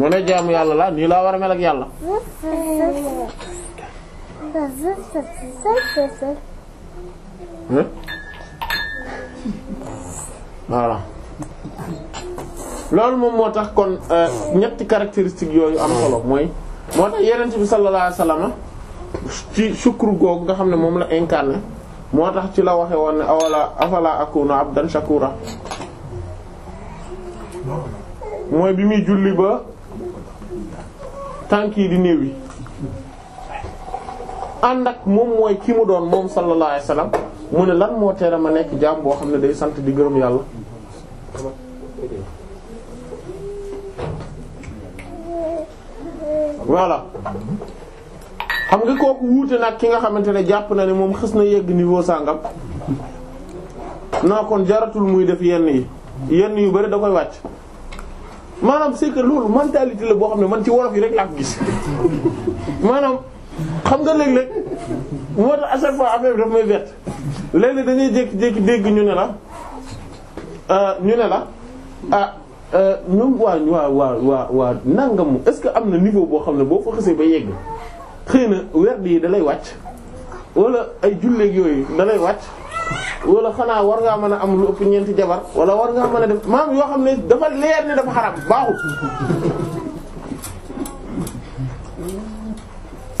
ne jaamu yàlla laa nii laa war mel ak yàlla voilà loolu moom moo tax kon euh, ñetti caractéristiques yooyu am solo mooy moo tax yeneen bi sallallahu alayhi wasallam ci shukru googu nga xam ne moom la incarné moo tax ci la waxe woon ne awala afala akuna abdan shakura mooy bi muy julli ba tànk yi di néew yi ànd ak moom mooy kii mu doon moom sallallahu alayhi salaam mu ne lan moo tere ma nekk jaam boo xam ne day sant di gërëm yàlla voilà xam nga kooku wuute nag ki nga xamante ne jàpp na ne moom xës na yegg niveau sàngam naa kon jaratul muy def yenn yi yenn yu bari da koy wàcc maanaam c'est que loolu mentalité la boo xam ne man ci wolof yi rek laa ko gis maanaam xam nga léeg-léeg moo tax à chaque fois affaire bi daf may bett léeg dañuy jékki-jékki dégg ñu ne la euh, ñu ne la ah euh, ñoom waa waa waa waa waa nangamu est que am na niveau boo xam ne boo fa xasee ba yegg xëy na werd yi dalay wàcc walla ay julleeg yooyu dalay wàcc wala xanaa war ngaa mën a am lu ëpp ñeenti jabar wala war ngaa mën a def maam yoo xam ne dafa leer ne dafa xarab baaxul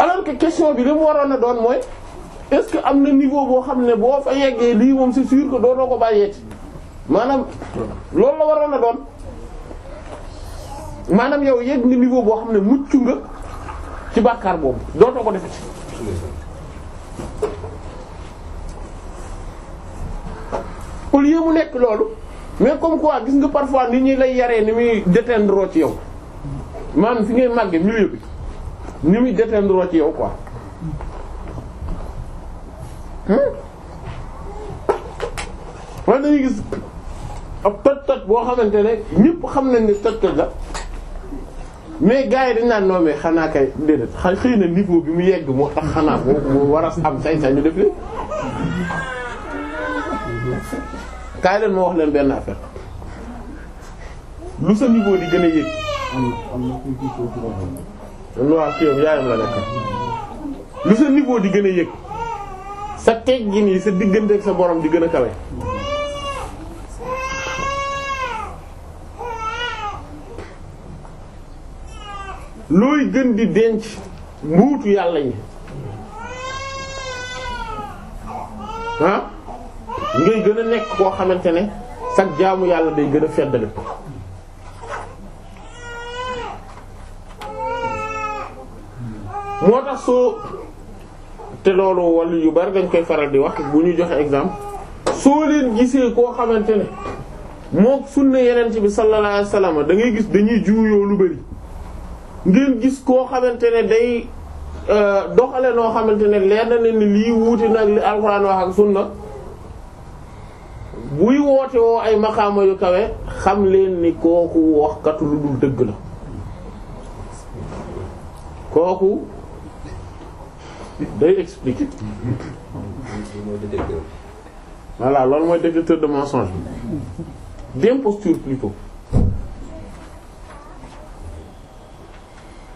alors que question bi li mu waroon a doon mooy est-ce que am na niveau boo xam ne boo fa yeggee lii moom c'est sûr que dootoo ko bàyyeeti maanaam loolu la waroon a doon maanaam yow yegg nga niveau boo xam ne mucc nga ci bàkkaar boobu dootoo ko defati au lieu mu nekk loolu mais comme quoi gis nga parfois nit ñuy lay yaree ni muy déteindre ci yow maanaam fi ngay màggee milieu bi ni muy déteindre ci yow quoi hmm? waaye dañuy gis ab toj-toj boo xamante ne ñëpp xam nañ ne toj-toj la mais gars yi dañ naan non xanaa kay déedéet xa xëy na niveau bi mu yegg moo tax xanaa moo war a am sañ-sañ ñu def li kaay leen moo wax leen benn affaire lu sa niveau di gën a yéeg. waaw kii yaayam la lu sa niveau di gën a yëg sa teggin yi sa diggante ak sa borom di gën a kawe. looy gën di denc mbuutu yàlla yi ngay gën a nekk koo xamante ne sag jaamu yàlla day gën a feddale ko moo tax soo te loolu wàllu yu bari dañ koy faral di wax bu ñu joxe exemple soo leen gisee koo xamante ne mook sunna yeneen ci bi sallallahu alayhi wasallam da ngay gis dañuy juuyoo lu bari ngeen gis koo xamante ne day euh, doxale noo xamante ne leer na leen ni lii wuute nag li alxuraan wax ak sunna buy woote woo ay maqaama yu kawe xam leen ni kooku kat lu dul dëgg la kooku day expliquer voilà loolu mooy détecteur de mensonge d'imposture plutôt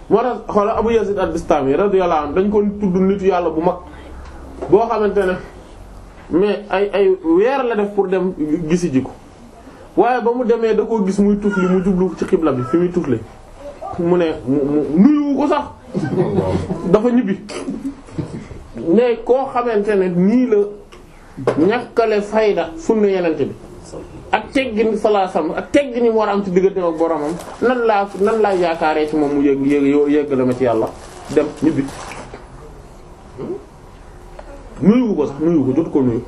moo tax xoola Abu Yazid al-Bistami radiyallahu anhu dañ ko tudd nit yàlla bu mag boo xamante ne mais ay ay weer la def pour dem gisi ji ko waaye ba mu demee da koo gis muy tufli mu jublu ci xibla bi fi muy tufli mu ne mu mu nuyu ko sax dafa ñibbi mais koo xamante ne nii la ñàkkale fayda sunna yenente bi ak teggin salaasam ak teggin yi mu war a am ci diggante ak boromam nan laa nan laa yaakaaree ci moom mu yëg yëg yoo yëggale ma ci yàlla dem ñibbi nuyu ko sax nuyu ko jotu ko nuyu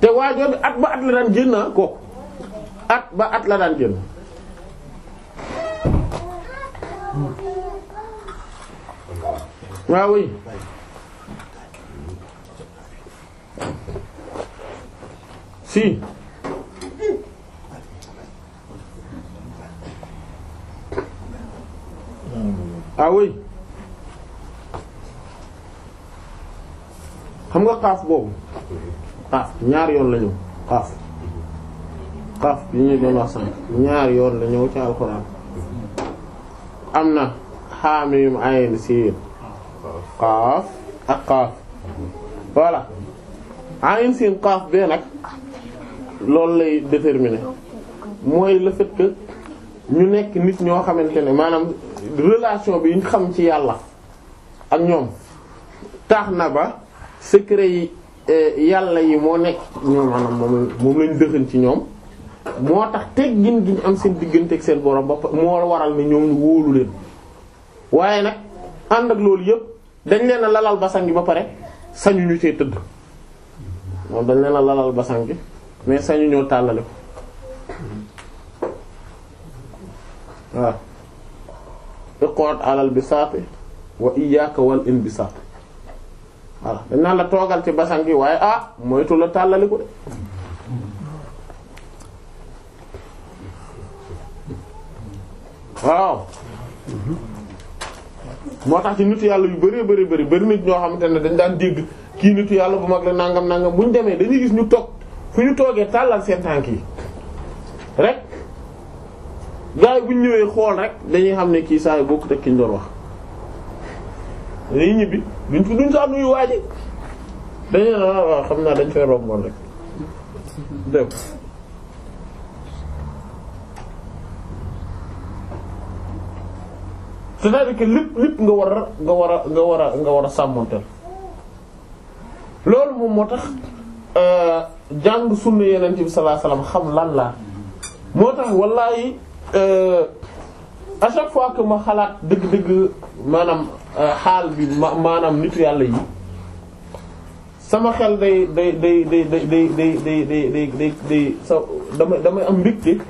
te waajoo bi at ba at la daan génn ah, kooku at ba at la daan génn waaw oui si ah oui xam nga xaaf boobu xaaf ñaar yoon la ñëw xaaf xaaf ñu doon wax sànq ñaar yoon la ñëw ci alxuraan am na xaamim ayn siin qaaf ak qaaf voilà ayin seen qaaf bee nag loolu lay déterminer mooy le fait ñu nekk nit ñoo xamante ne maanaam relation bi ñu xam ci yàlla ak ñoom taax na ba secret yi eh, yàlla yi moo nekk ñoom maanaam moom moom lañ dëxën ci ñoom moo tax teggin gi ñu am seen diggante ak seen borom ba moo waral ne ñoom ñu wóolu leen waaye nag ànd ak loolu yépp dañ leen a lalal basang bi ba pare sañu ñu cee tëdd moom dañ leen a lalal basang bi mais sañu ñoo tàllale ko waaw iqoot alal bi saati wa iyyaka wal in bi saat voilà dañ naan la toogal ci basang gi waaye ah moytu la tàllale ko de waaw moo tax ci nitu yàlla yu bëree bëri bëri bëri nit ñoo xamante ne dañ daan dégg kii nitu yàlla bu mag la nangam nangam bu ñu demee dañuy gis ñu toog fu ñu toogee tàllal seen tànk yi rek gars bu ñu ñëwee xool rek dañuy xam ne kii saa yi bokkut ak ki doon wax. dañuy ñibbi duñ fa duñ saa nuyu waaji dañuy ne ah waaw xam naa dañ fay romboon rek dem. c'est-à-dire que lépp lépp nga war a nga war a nga war a nga war a sàmmonteel loolu moom moo tax jàng sunna yeneen bi sallallahu alayhi lan laa moo tax wallahi à fois que ma xalaat dëgg-dëgg maanaam xaal bi ma maanaam nitu yàlla sama xel day day day day day day day day day day day damay damay am mbégte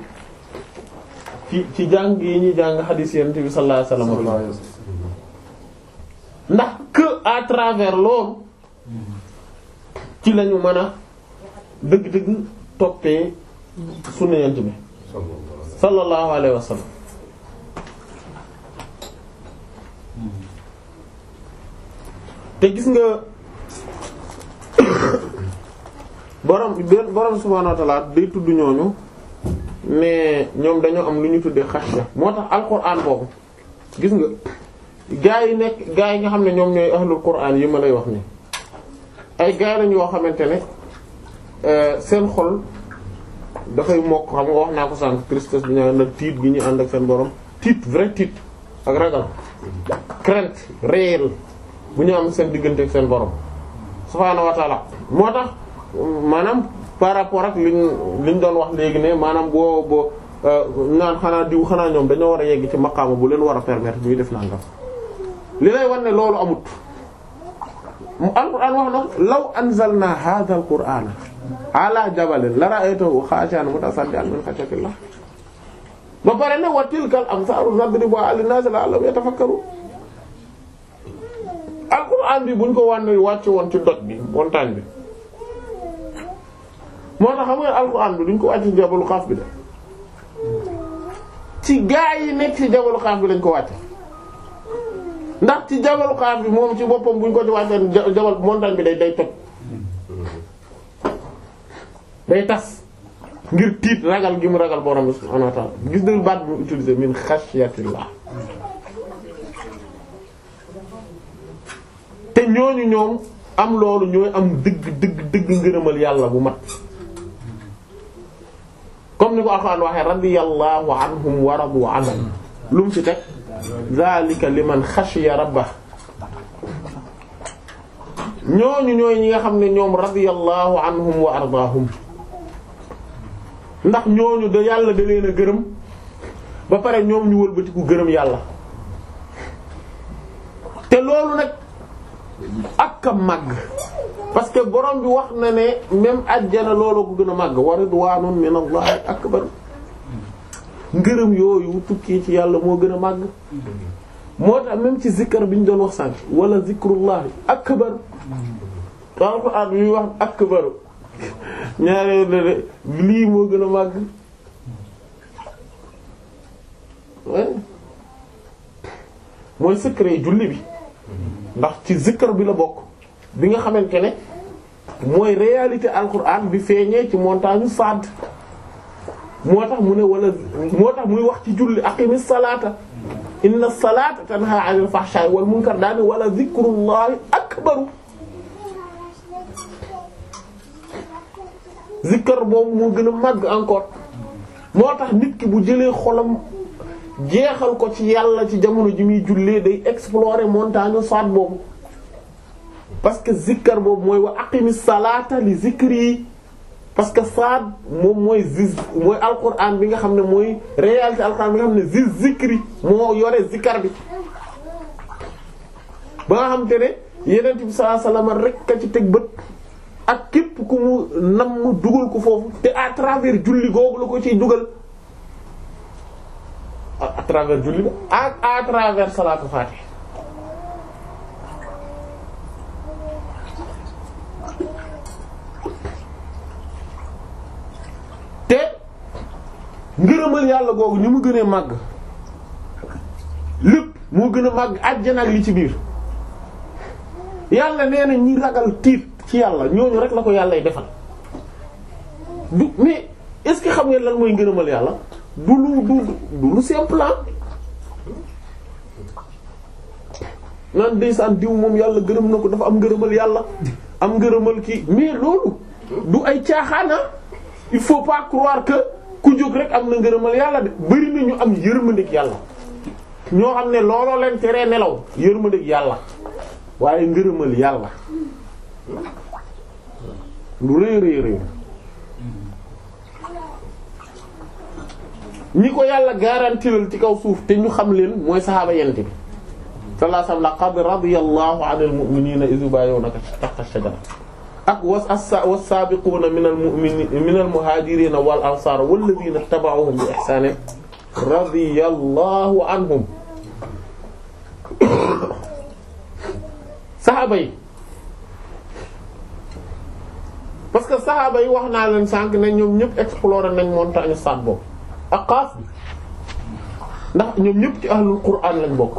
ci ci jàng yi ñuy jàng xadiis yonent bi sallallahu alayhi wasallam ndax que à travers loolu ci lañu mën a dëgg-dëgg toppee sunna yonent bi sallallahu alayhi wasallam te gis nga borom borom subhaanahu wa tudd ñooñu mais ñoom dañoo am lu ñu tuddee xasya moo tax alquran boobu gis nga gaa yi nekk gaa yi nga xam ne ñoom ñooy ahlul quran yi ma lay wax nii ay gaa lañ yoo xamante ne euh, seen xol dafay mokk xam nga wax naa ko sànq tristesse bi ñu ànd ak tiit gi ñu ànd ak seen borom tiit vrai tiit ak ragal crainte réelle bu ñu am seen diggante ak seen borom subhaanahu wa ta'ala moo tax maanaam. par rapport ak liñ liñ doon wax léegi ne maanaam boo boo euh, naan xanaa diw xanaa ñoom dañoo war a yegg ci maqaama bu leen war a permettre ñuy def nangam li lay wan ne loolu amut mu alquran wax na law anzalna hadha alquran ala jabalin la ra'aytahu khashi'an mutasaddian min khashyatillah ba pare ne wa tilkal amsaaru nadribuha linnaasi la'allahum yatafakkarun alquran bi buñ ko wànnee wàcce woon ci doj bi montagne bi moo tax xam nga alxuraan bi duñ ko wàcc ci jabalu xaaf bi de ci gaa yi nekk ci jabalu xaaf bi lañ ko wàcce ndax ci jabalu xaaf bi moom ci boppam buñ ko ci wàccee jabal montagne bi day day toj day tas ngir tiit ragal gi mu ragal borom bi subhaanahu wa gis nañu baat bi mu utilisé min xasyatillah te ñooñu ñoom am loolu ñooy am dëgg dëgg dëgg ngërëmal yàlla bu mat comme ni ko alxuraan waxee radiyallahu anhum wa radu anhum lu mu ci teg zalika liman xashiya rabbah ñooñu ñooy ñi nga xam ne ñoom radiyallahu anhum wa ardaahum ndax ñooñu da yàlla da leen a gërëm ba pare ñoom ñu wëlbatiku gërëm yàlla te loolu nag ak a màgg parce que borom bi wax na ne même ajjana looloo ko gën a màgg wa ridwaanun minallahi akbar ngërëm yooyu tukkee ci yàlla moo gën a màgg moo tax même ci zikkar bi ñu doon wax sànq wala zikrullahi akbar tax ak yuy wax akbar ñaaree la de lii moo gën a màgg mooy secret julli bi ndax ci zikkar bi la bokk bi nga xamante ne mooy réalité alquran bi feeñee ci montagne Saad moo tax mu ne wala moo tax muy wax ci julli aqimi salata inna salata tanha anil fahsha'i wal munkar daane wala zikrullahi akbaru zikkar boobu moo gën a màgg encore moo tax nit ki bu jëlee xolam jeexal ko ci yàlla ci jamono ji muy jullee day explorer montagne soit boobu parce que zikkar boobu mooy wa aqimi salaata li yi parce que saad moom mooy ziz mooy alquran bi nga xam ne mooy réalité alquran bi nga xam ne ziz zikri moo yore zikkar bi ba nga xam te ne yeneen bi sallallahu alayhi wasallam rek ci teg bët ak képp ku mu nam mu dugal ko foofu te à travers julli googu la ko ciy dugal à travers julli ba ak à travers salaatu faatiha te ngërëmal yàlla googu ni mu gën a màgg lépp moo gën a màgg àjjana ak li ci biir yàlla nee na ñi ragal tiit ci yàlla ñooñu rek la ko yàlla defal du mais est-ce que xam ngeen lan mooy ngërëmal yàlla du lu du du lu simple ah. naan ndeysaan diw moom yàlla gërëm na ko dafa am ngërëmal yàlla am ngërëmal kii mais loolu du ay caaxaana ah. il faut pas croire que ku jóg rek am na ngërëmal yàlla de bari na ñu am yërmandeeg yàlla ñoo xam ne looloo leen tere nelaw yërmandeeg yàlla waaye ngërëmal yàlla lu rëy rëy rëy ñi ko yàlla garantiral ci kaw suuf te ñu xam leen mooy saxaaba yent bi sallallahu alayhi wa sallam laqad radiyallahu anil mu'minina idh yubayyi'unaka tahta ash-shajara ak was was-sabiquna minal mu'minin minal muhajirin wal ansar walladhina ittaba'uhum bi ihsan radiyallahu anhum saxaaba yi parce que saxaaba yi wax naa leen sànq ne ñoom ñëpp explorer nañ montagne Saad boobu ak xaaf bi ndax ñoom ñëpp ci ahlul qur'an lañ bokk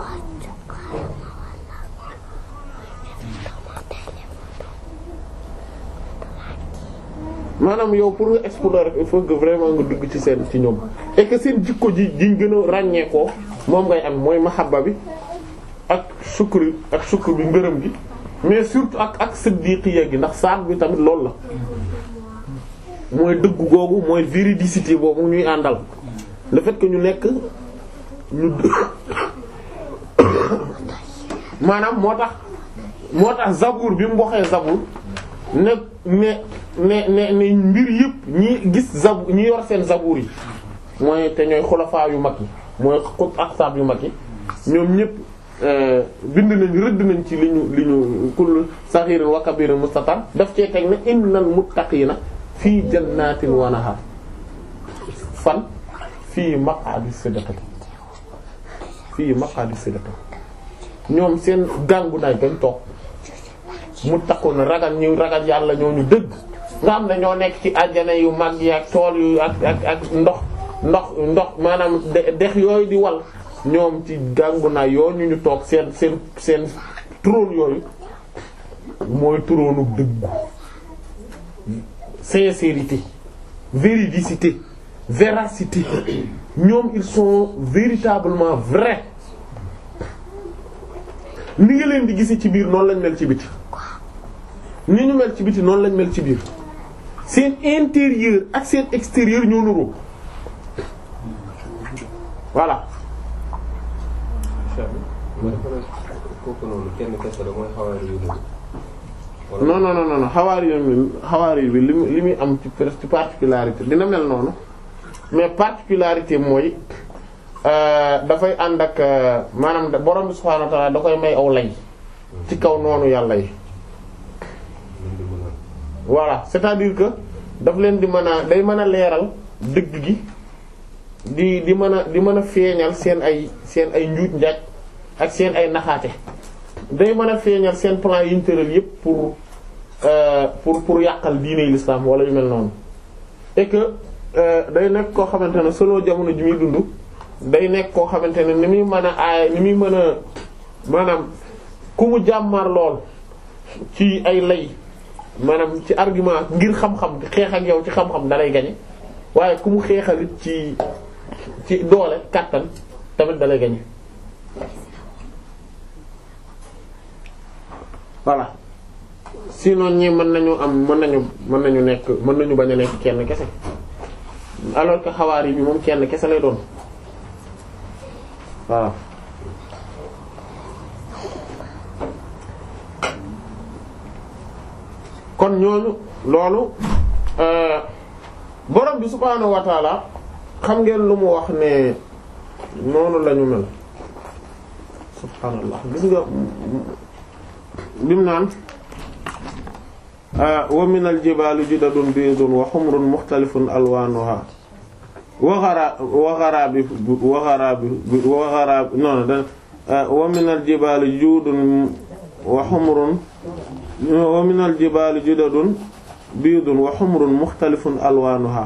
maanaam yow pour nga explorer il faut que vraiment nga dugg ci seen ci ñoom et que seen jikko ji ji gën a ràññee moom ngay am mooy mahabba bi ak sukkur ak sukkur bi ngërëm gi mais surtout ak ak siddiqiya gi ndax saat bi tamit loolu la mooy dëgg googu mooy véridicité boobu ñuy àndal le fait ñu nekk ñu maanaam moo tax moo tax zabuur bi mu waxee zabuur ne ne ne ne ne mbir yëpp ñi gis zab ñi yor seen zabuur yi mooy te ñooy xulafaa yu mag yi mooy xut yu mag yi ñoom ñëpp euh, bind nañ rëdd nañ ci li ñu li ñu kull saxirin wa kabirin mustatar daf cee teg ne innal muttaqina fii jannatin wa nahar fan fii maqaadi sidrata fii maqaadi sidrata ñoom seen gàngu naaj dañ toog mu takku na ragal ñu ragal yàlla ñoo ñu dëgg nga xam na ñoo nekk ci àjjana yu mag yi ak tool yu ak ak ndox ndox ndox maanaam dex yooyu di wal ñoom ci gàngu naaj yooyu ñu toog seen seen seen trône yooyu mooy trône dëggu sincérité véridicité véracité ñoom ils sont véritablement vrais ni nga leen di gisee ci biir noonu lañ mel ci biti ni ñu mel ci biti noonu lañ mel ci biir seen intérieur ak seen extérieur ñoo nuroo voilà. non non non non xawaar yi bi xawaar yi bi li muy am ci particularité dina mel noonu. mais particularité mooy euh, dafay ànd ak euh, maanaam borom bi subhaanahu da koy may aw lay ci kaw noonu yàlla yi voilà c'est-à-dire que daf leen di mën a day mën a leeral dëgg gi di di mën a di mën a feeñal seen ay seen ay njuuj njaaj ak seen ay naxaate day mën a feeñal seen plan yi ñu tëral yépp pour euh, pour pour yàqal diine l'islam wala yu mel noonu et Euh, day nekk koo xamante ne selon jamono ji muy dund day nekk koo xamante ne ni muy mën a aay ni muy mën a maanaam ku mu jàmmar lool ci ay lay maanaam ci argument ngir xam-xam xeex ak yow ci xam-xam da lay gañe waaye ku mu xeexalit ci ci doole kàttan tamit da lay gañe voilà sinon ñi mën nañu am mën nañu mën nañu nekk mën nañu bañ a nekk kenn kese alors que xawaar yi bi moom kenn kese lay doon waaw kon ñooñu loolu euh, borom bi subhaanahu wa xam ngeen lu mu wax ne noonu lañu mel subhaanallah gis nga lim naan Ah, wa min aljibaali judadun biidun wa humrun mukhtalifun alwaanuha wa xaraa wa xaraa bi wa xaraa bi wa xaraa bi non non ah, wa min aljibaali juudun wa humrun wa min aljibaali judadun biidun wa humrun mukhtalifun alwaanuha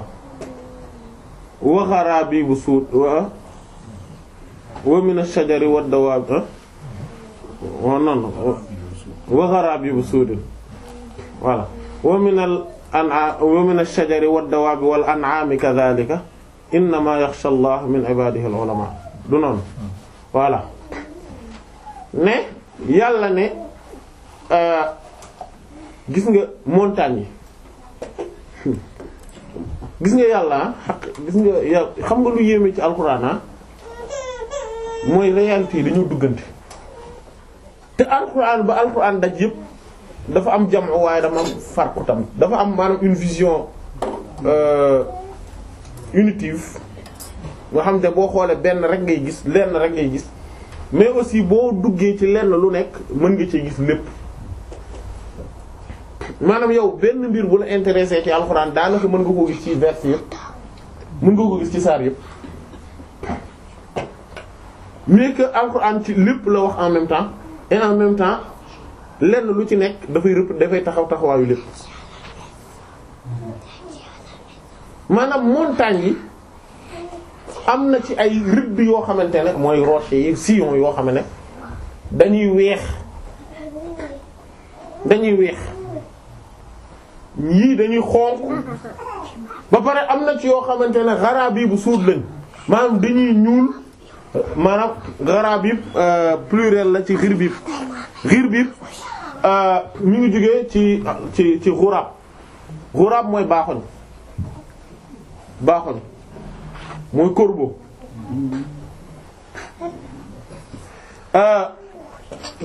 wa xaraa bi bu suud wa wa min ashajari wad dawaabi wa non ah, wa xaraa bi bu suudin voilà wa min al an'am wa min ash-shajari wad-dawabi wal an'ami kadhalika innama yakhsha Allah min ibadihi al-ulama du noonu ne yàlla ne euh, gis nga montagne yi gis nga yàlla ah, nga xam nga lu yéeme ci alxuraan ah mooy réalité yi dañoo duggante te alxuraan ba alxuraan daj yépp dafa am jamu waaye dama am farku dafa am maanaam une vision euh, unitive nga xam te boo xoolee benn rek ngay gis lenn rek ngay gis mais aussi boo duggee ci lenn lu nekk mën nga ci gis lépp maanaam yow benn mbir bu la intéressé ci alxuraan daanaka mën nga koo gis ci vers yëpp mën nga yëpp mais que alxuraan ci lépp la wax en même temps et en même temps lenn lu ci nekk dafay rëpp dafay taxaw taxawaayu lépp maanaam montagne yi am na ci ay rëdd yoo xamante ne mooy roche yi sillon yoo xam ne dañuy weex dañuy weex yii dañuy xonq ba pare am na ci yoo xamante ne xaraab yi bu suut lañ maanaam dañuy ñuul maanaam gharabib euh, pluriel la ci xirbib xirbib euh, mu ngi jógee ci ci ci xuraab mooy baaxoñ baaxoñ mooy corbeau euh,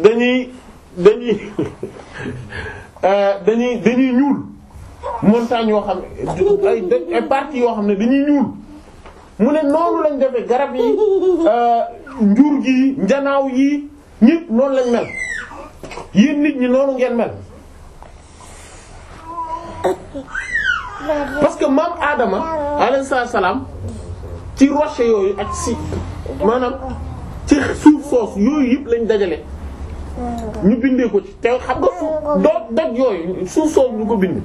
dañuy dañuy dañuy dañuy ñuul montagne yoo xam ne ay ay yoo xam ne dañuy ñuul mu ne noonu lañ defee garab yi euh, njur gi njanaaw yi ñépp noonu lañ mel yéen nit ñi noonu ngeen mel parce que maam Adama alayhi salaam ci roche yooyu ak si maanaam ci suuf soos yooyu yëpp lañ dajale ñu bindee ko ci te xam nga suuf doo daj yooyu suuf soos ñu ko bind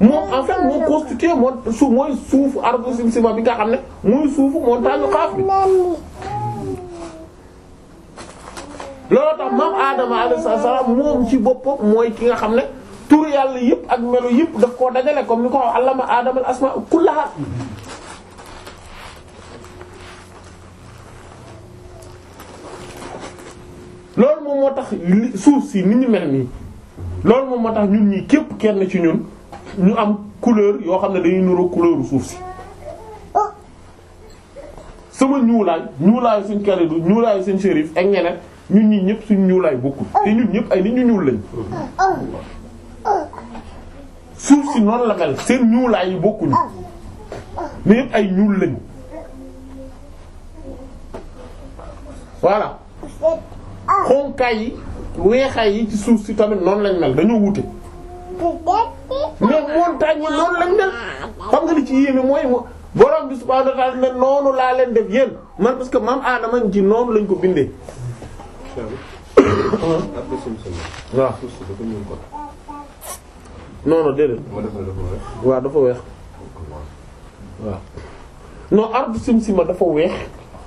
moom en fait moo constitué moo su mooy suufu arbre simsima bi nga xam ne mooy suufu montagne Qaaf bi. ci boppam mooy ki nga xam ne turu yàlla yëpp ak melo yëpp daf koo dajale comme ni ko wax allama loolu moom moo tax suuf si ni ñu mel nii loolu moom moo tax ñun ñii képp kenn ci ñun. ñu am couleur yoo xam ne dañuy nuru couleur suuf si ah. sama ñuulaay ñuulaayu suñ Kalidou ñuulaayu suñ Chérif ak ñeneen ñun ñii ñëpp suñ ñuulaay bokkul ah. te ñëpp ay nit ñu ñuul lañ ah. suuf si noonu seen ñuulaay yi bokkuñu mais ay ñuul lañ voilà xonkaay yi weexaay yi ci suuf si tamit noonu lañ mel dañoo wute mais montagne yi noonu lañ mel xam nga li ci yéeme mooy borom bi subhaanahu wa ta'aala ne noonu laa leen def yéen man parce que maam aadama ji noonu lañu ko bindee. waaw. non non déedéet. waaw dafa weex. waaw non arbre simsima dafa weex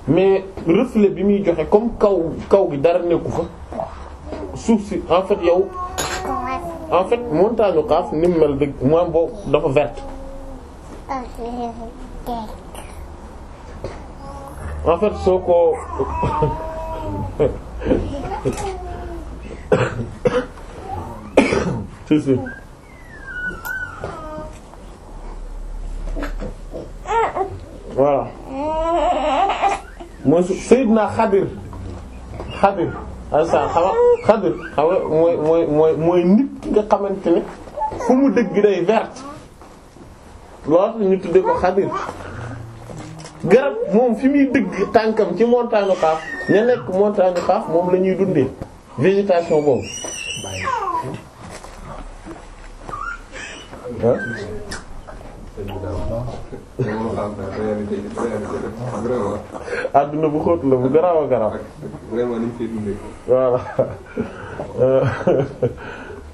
mais reflet bi muy joxe comme kaw kaw gi dara nekku fa suuf si en fait yow. en fait montagne Qaaf ni mel dëgg moom boobu dafa verte. en fait soo ko si si voilà mooy Seydina Xadir Xadir alsaan xama xadir xama mooy mooy mooy mooy nit nga xamante ne fu mu dëgg day verte loolu ñu ko xadir garab moom fi muy dëgg tànkam ci montagne xaaf ña nekk montagne xaaf moom la ñuy dundee végétation boobu àdduna bu xóot la bu a garaaw. vraiment ni ñu dundee. voilà waaw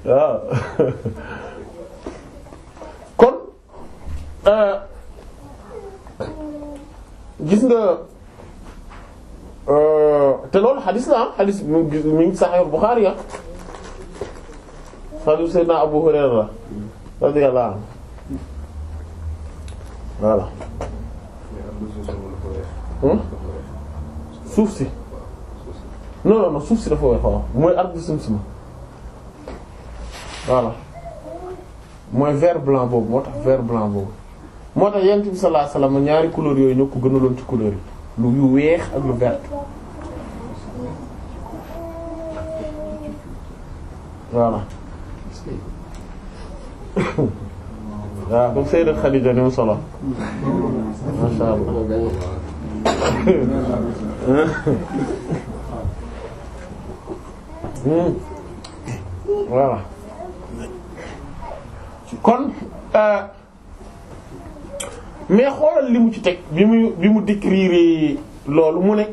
ah. euh, gis nga euh, te loolu xadis la ah xadis mi ngi Sahih Abu Hurayra radiyallahu anhu voilà hmm? suuf si non non suuf si dafa weex waaw mooy arbre simsima voilà mooy vert blanc boobu moo tax vert blanc boobu moo tax yent bi sallallahu alayhi ñaari couleurs yooyu ñoo ko gënaloon ci couleurs yi lu yu weex ak lu vert voilà waaw comme Sayyidat Khadija ni mu hmm. kon euh, mais xoolal li mu ci teg bi mu bi mu décrire loolu mu ne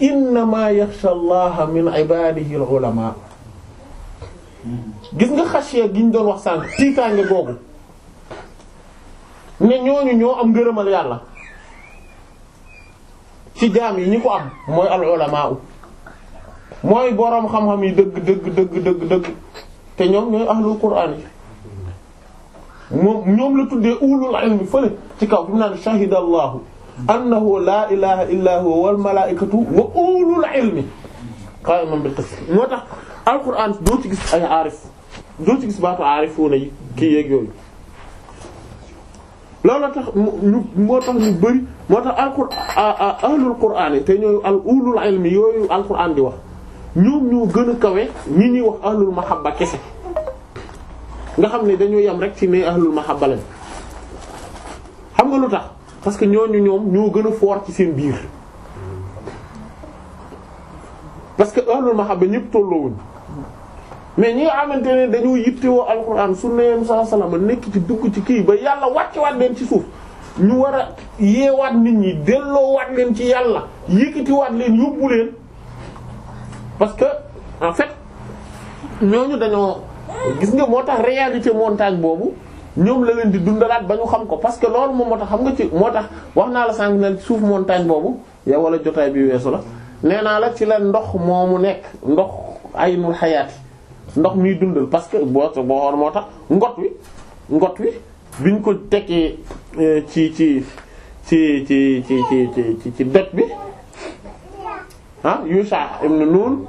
innama yaxsha allaha min ibadihi al ulama gis nga xashiya gi ñu wax sànq tiitaange googu ne ñooñu ñoo am ngërëmal yàlla ci jaam yi ñi am mooy al ulamaa mooy boroom xam-xam yi dëgg dëgg dëgg te ñoom ñooy ahlul quraan yi moom tuddee ulul ilmi fële ci kaw bi mu naan shahida allahu annahu laa ilaha illa huwa wal malaikatu wa ulul ilmi qa'iman bil moo tax alquran doo ci ay aarif doo ci baatu aarifuuna yi kii yeeg loolu tax ñu moo tax ñu bëri moo tax alquraan ahlul quraan yi te ñooy al ulul ilmi yooyu alquraan di wax ñoom ñoo gën a kawe ñi ñuy wax ahlul mahabba kese nga xam ne dañoo yem rek ci ne ahlul mahabba lañ xam nga lu tax parce que ñooñu ñoom ñoo gën a foor ci seen biir parce que ahlul mahabba ñëpp tolloowuñ mais ñi nga xamante ne dañoo yittewoo alxuraan sunna yam saa salaama nekk ci dugg ci kii ba yàlla wàccewaat leen ci suuf ñu war a yeewaat nit ñi waat leen ci yàlla yëkkatiwaat leen yóbbu leen parce que en fait ñooñu dañoo gis nga moo tax réalité montagne boobu ñoom la leen di dundalaat ba ñu xam ko parce que loolu moom moo tax xam nga ci moo tax wax naa la sànq ne suuf montagne boobu ya wala jotaay bi weesu la nee naa la ci leen ndox moomu nekk ndox aynul xayaati ndox miy dundal parce que boo boo xool moo tax ngot wi ngot wi biñ ko tekkee euh, ci ci ci ci ci ci ci ci doj bi ah Yusha ibn Nun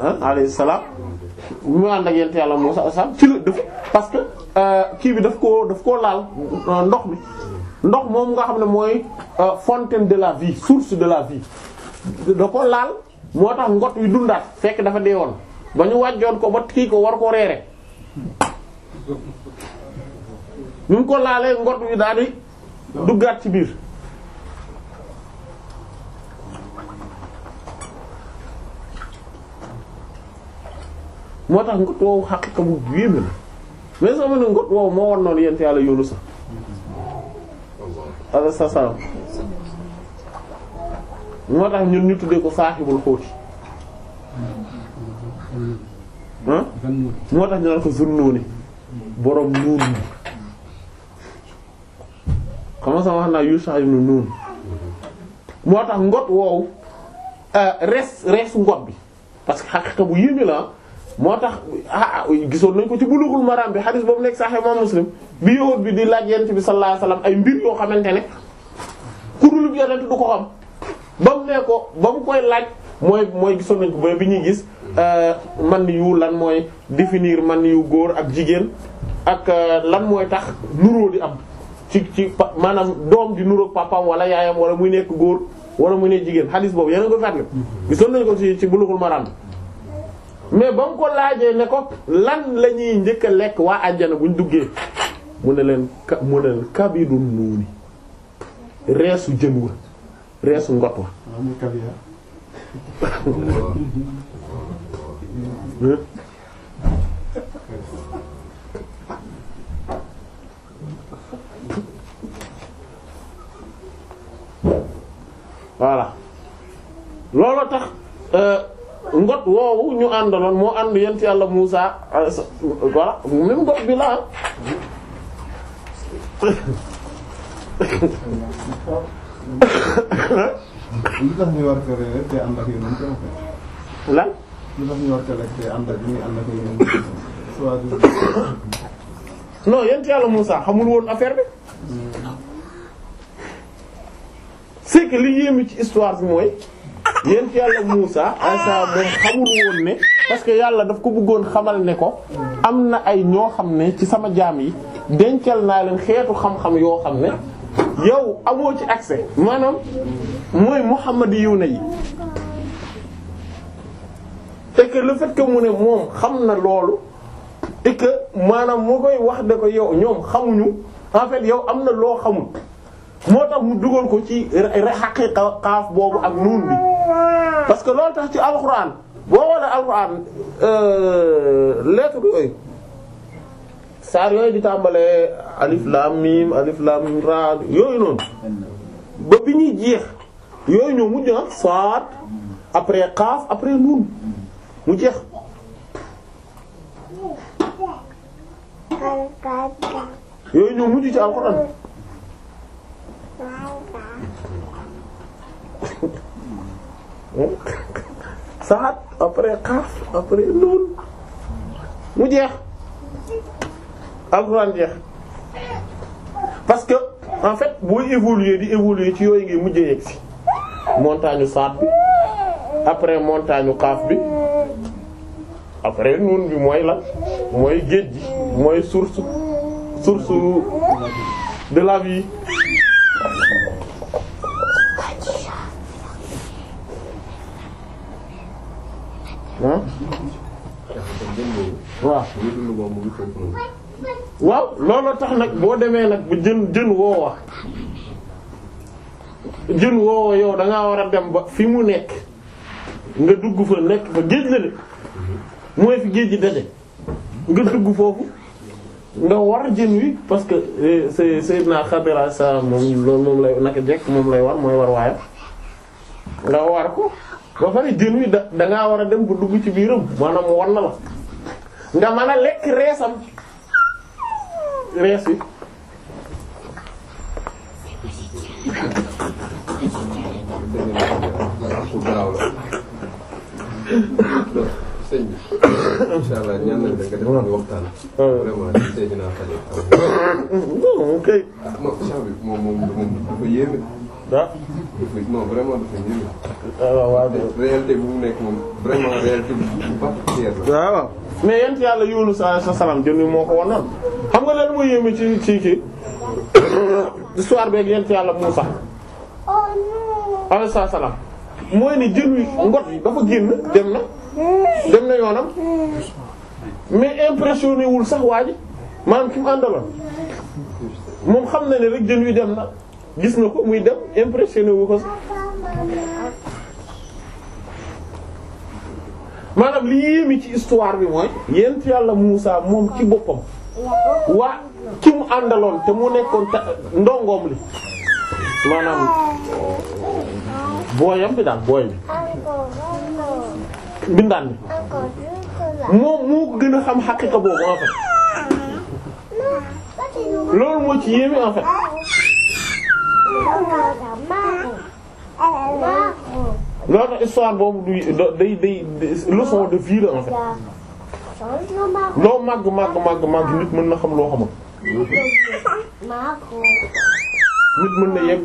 ah, alayhi salaam bi mu ànd ak yàlla Musa alayhi salaam ci la def parce que euh, kii bi daf ko daf koo laal euh, ndox mi ndox moom nga xam ne mooy fontaine de la vie source de la vie da ko laal moo tax ngot wi dundaat fekk dafa dee woon ba ñu wàjjoon ko ba kii ko war ko reere ñu ngi ko laalee ngot wi daal duggaat ci biir moo tax ngot woowu xaqiqa bu yéeme la mais sama ne ngot woowu moo war noonu yent yàlla yoonu sax ala sa salam moo tax ñun ñu tuddee ko saaxibul xóoti ah moo tax ñu naan ko zunnuuni borom nuun xam nga sama wax naa Yusha ibn Nun moo tax ngoot woowu euh, res res ngot bi parce que xaqiqa bu yéeme la moo tax ah, ah, gisoon nañ ko ci Bulughul Maram bi xadis boobu nekk Sahih Imam Muslim bi yowóot bi di laaj yent bi sallallahu alayhi ay mbir yoo xamante ne ku dul yonent du ko xam ba mu ne ko ba mu koy laaj mooy mooy gisoon nañ ko bi ñuy gis Euh, man yu lan mooy définir man yu góor ak jigéen ak euh, lan mooy tax nuróo di am ci ci pa maanaam doom di nuróo papam wala yaayam wala muy nekk góor wala mu nekk jigéen xadis boobu yéen a mm-hmm. ko fàttali gisoon ci ci Bulughul Maram mais ba mu ko laajee ne ko lan lañuy njëkk a lekk waa àjjana buñ duggee mu ne leen ka mu ne leen kabidun nuuni reesu jën wa reesu ngot wa voilà looloo tax euh, ngot woowu ñu àndaloon moo ànd yent yàlla Muusa voilà même ngot bi la lan lu tax ñu war collecté ànd yàlla Moussa xamul woon affaire bi. c'est que li yéeme ci histoire bi mooy yéen yàlla Moussa Isa xamul woon ne parce que yàlla daf ko bëggoon xamal ne ko am na ay ñoo xam ne ci sama jaam yi dencal naa leen xeetu xam-xam yoo xam ne yow amoo ci accès maanaam mooy Muhammad yiw na yi et lu le mu ne moom xam na loolu et maanaam moo koy wax da ko yow ñoom xamuñu yow am na loo xamul moo tax mu dugal ko ci xaqiqa xaaf boobu ak nuun bi parce que loolu tax ci alxuraan boo wone alxuraan euh, lettre yooyu saar yooyu di tàmbalee alif lam mim alif lam mim ra yooyu noonu ba bi ñuy jeex yooyu ñoo mujj na ah, soit après xaaf après nuun mu jeex yooyu ñoo mujj ci alxuraan saat après xaaf après lool mu jeex alxuraan jeex parce que en fait booy évoluer di évoluer ci yooyu ngi mujjee yegg si montagne saat bi après montagne xaaf bi après nuun bi mooy la mooy géej gi mooy source source de la waaw waaw loolu tax nag boo demee nag bu jën jën woowa jën woowa yow da war a dem ba fi mu nekk nga dugg fa nekk fa géej la de mooy fi géej gi daje nga dugg foofu nga war jën wi parce que eh, say Seydina Xadir alayhi salaam moom loolu moom lay naka jekk moom lay war mooy war waayam nga war ko ba pare jën wi da dangaa war a dem bu dugg ci biiram maanaam war na la nga mën a lekk reesam rees wi sëñ bi incha allah ñaan nañ ah, ah, waaw waaw réalité bu mu nekk moom vraiment réalité bu ah, moo ko wanoon. xam nga lan moo yéeme ci ci kii histoire beeg yent yàlla Muusa oh, alayhi salaam mooy ni jën wi ngot dafa génn dem na. dem na yoonam mais impressionné wul sax waa ji maanaam ki mu àndaloon moom xam na ne rek jën wi dem na gis na ko muy dem impressionné wu ko sax maanaam li yéemi ci histoire bi mooy yent yàlla Muusa moom ci boppam waa ki mu àndaloon te mu nekkoon ndongoom li maanaam booyam bi daal booy bi bindaan bi moom moo gën a xam xaqiqa boobu en fait loolu moo ci yéeme en loolu tax histoire boobu du day day leçon de vie màgg màgg màgg nit mën na xam loo xamul nit mën na yegg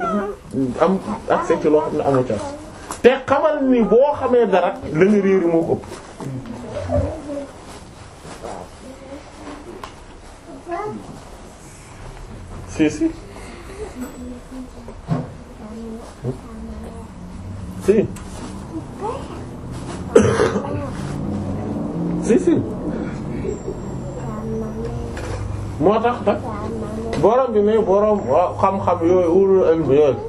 am accès ci loo xam ne amoo chance te xamal ni boo xamee dara la nga réer moo ko ëpp si moo tax nag borom bi ne borom xam-xam yooyu yooyu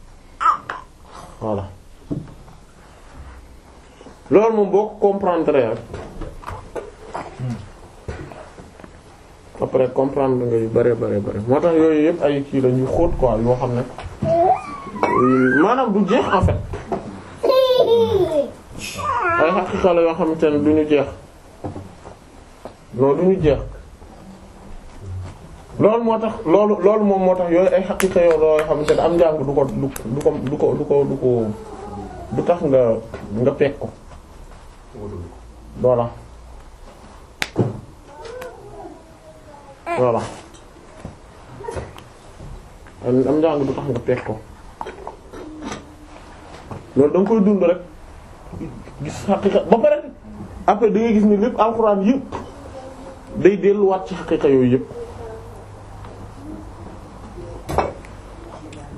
voilà loolu moom boo ko comprendre rek après comprendre nga yu bare bare bare moo tax yooyu yëpp ay kii la ñuy xóot quoi yoo xam ne maanaam du jeex en fait ay xaqiqa yoo xamante ne duñu ñu jeex non du jeex. loolu moo tax loolu loolu moom moo tax yooyu ay xaqiqa yoo loo xamante ne am njàng du ko du ko du ko du ko du ko tax nga nga peeg ko voilà voilà am njàng du tax nga ko loolu da nga koy dund rek gis xaqiqa ba pare après da gis ni lépp alxuraan yëpp day delluwaat ci xaqiqa yooyu yëpp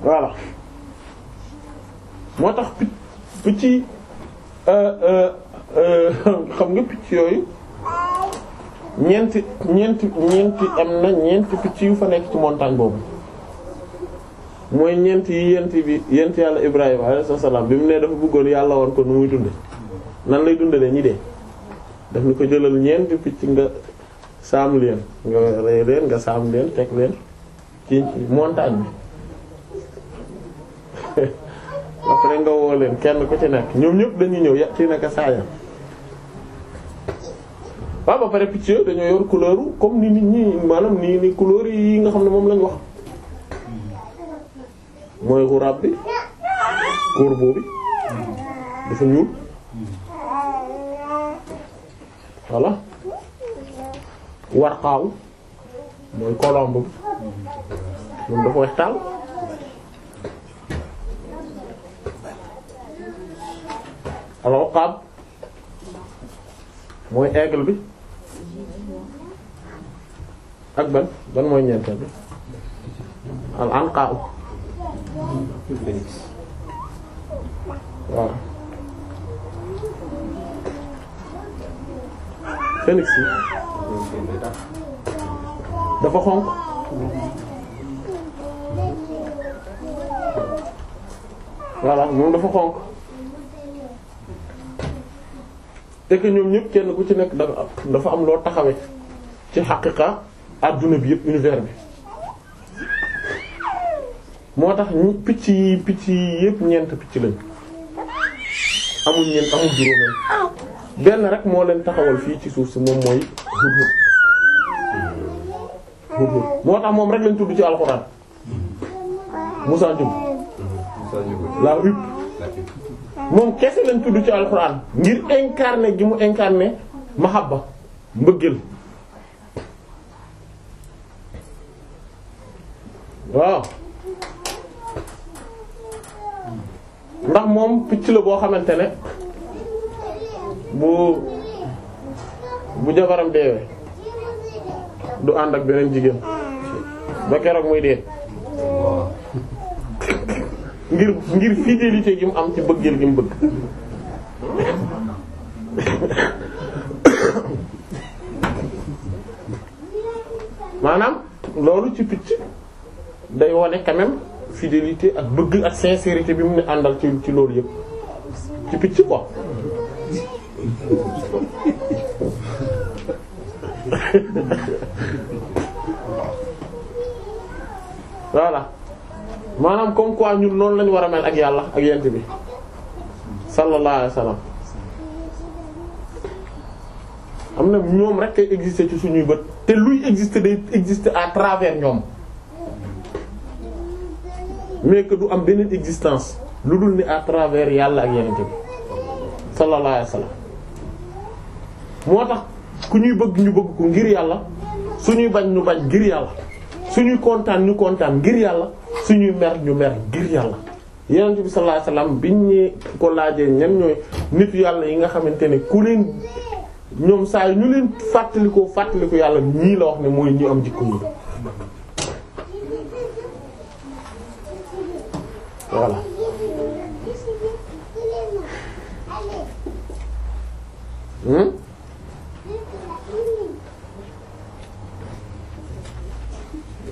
waaw moo tax picc euh, euh, euh, xam nga picc yooyu ñeenti ñeenti ñeenti am na ñeenti picc yu fa nekk ci montagne boobu mooy ñeenti yi yent bi yent yàlla Ibrahima alayhi salaam bi mu nee dafa bëggoon yàlla woon ko nu muy dunde nan lay dunde ñi dee daf ni ko jëlal ñeenti picc nga saam leen nga rey leen nga saam leen teg leen ci montagne bi nga leen kenn ku ci nekk ñoom ñëpp dañuy ñëw yàtti naka saaya waaw comme ni ñi maanaam ni ni couleur yi nga xam ne moom lañ wax mooy dafa ñuul voilà warqaaw mooy colombe bi moom dafa weex taal al-uqab mooy aigle bi ak ban ban mooy ñeenteel bi al-anqa waaw phénix yi dafa xonq voilà moom dafa xonq et que ñoom ñëpp kenn ku ci nekk da dafa am loo taxawee ci xaqiqa àdduna bi yëpp univers bi moo tax ñu picc yi picc yi yëpp ñeent picc lañ amul ñeent amul juróom benn rek moo leen taxawal fii ci suuf si moom mooy hudhud hudhud moo tax moom rek lañ tudd ci alxuraan Musaa Njub la moom kese lañ tudd ci alxuraan ngir incarné gi mu incarné mahabba mbëggeel waaw ndax moom picc la boo xamante ne bu bu jabaram deewee du ànd ak beneen jigéen ba keroog muy dee ngir ngir fidélité gi mu am ci bëggeel gi mu bëgg maanaam loolu ci picc day wane quand même fidélité ak bëgg ak sincérité bi mu ne àndal ci ci loolu yëpp ci picc quoi voilà maanaam comme quoi ñun noonu lañu war a mel ak yàlla ak yent bi sallallahu alayhi wa am na ñoom rek ay exister ci suñuy bët te luy exister day exister à travers ñoom mais que du am beneen existence lu dul ni à travers yàlla ak yent bi sallallahu alayhi wa moo tax ku ñuy bëgg ñu bëgg ko ngir yàlla suñuy bañ ñu bañ ngir yàlla suñuy kontaan ñu kontaan ngir yàlla suñu mer ñu mer ngir yàlla yonent bi sallallahu alayhi wasallam biñ ñu ko laajee ñan ñooy nit yàlla yi nga xamante ne ku leen ñoom saa yi ñu leen fàttalikoo fàttaliku yàlla ñii la wax ne mooy ñu am jikko yi voilà hmm?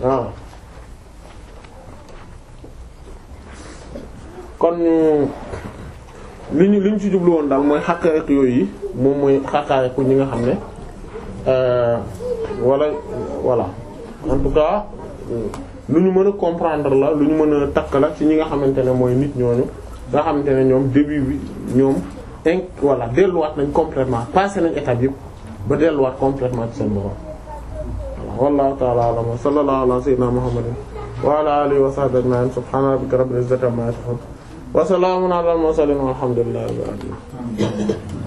ah. kon li ñu li ñu ci woon daal mooy xàqareek yooyu yi moom mooy xàqareeku ñi nga xam ne euh, wala voilà en lu ñu mën a comprendre la lu ñu mën a takk la ci ñi nga xamante ne mooy nit ñooñu nga xamante ne ñoom début bi ñoom in voilà delluwaat nañ complètement passé nañ étape yëpp ba delluwaat complètement ci seen borom voilà wallahu ta'ala alam wa sallallahu ala sayyidina muhammadin wa ala alihi wa sahbihi ajma'in subhana rabbika rabbil izzati amma yasifun wa salaamun ala al mursalin walhamdulillahi rabbil alamin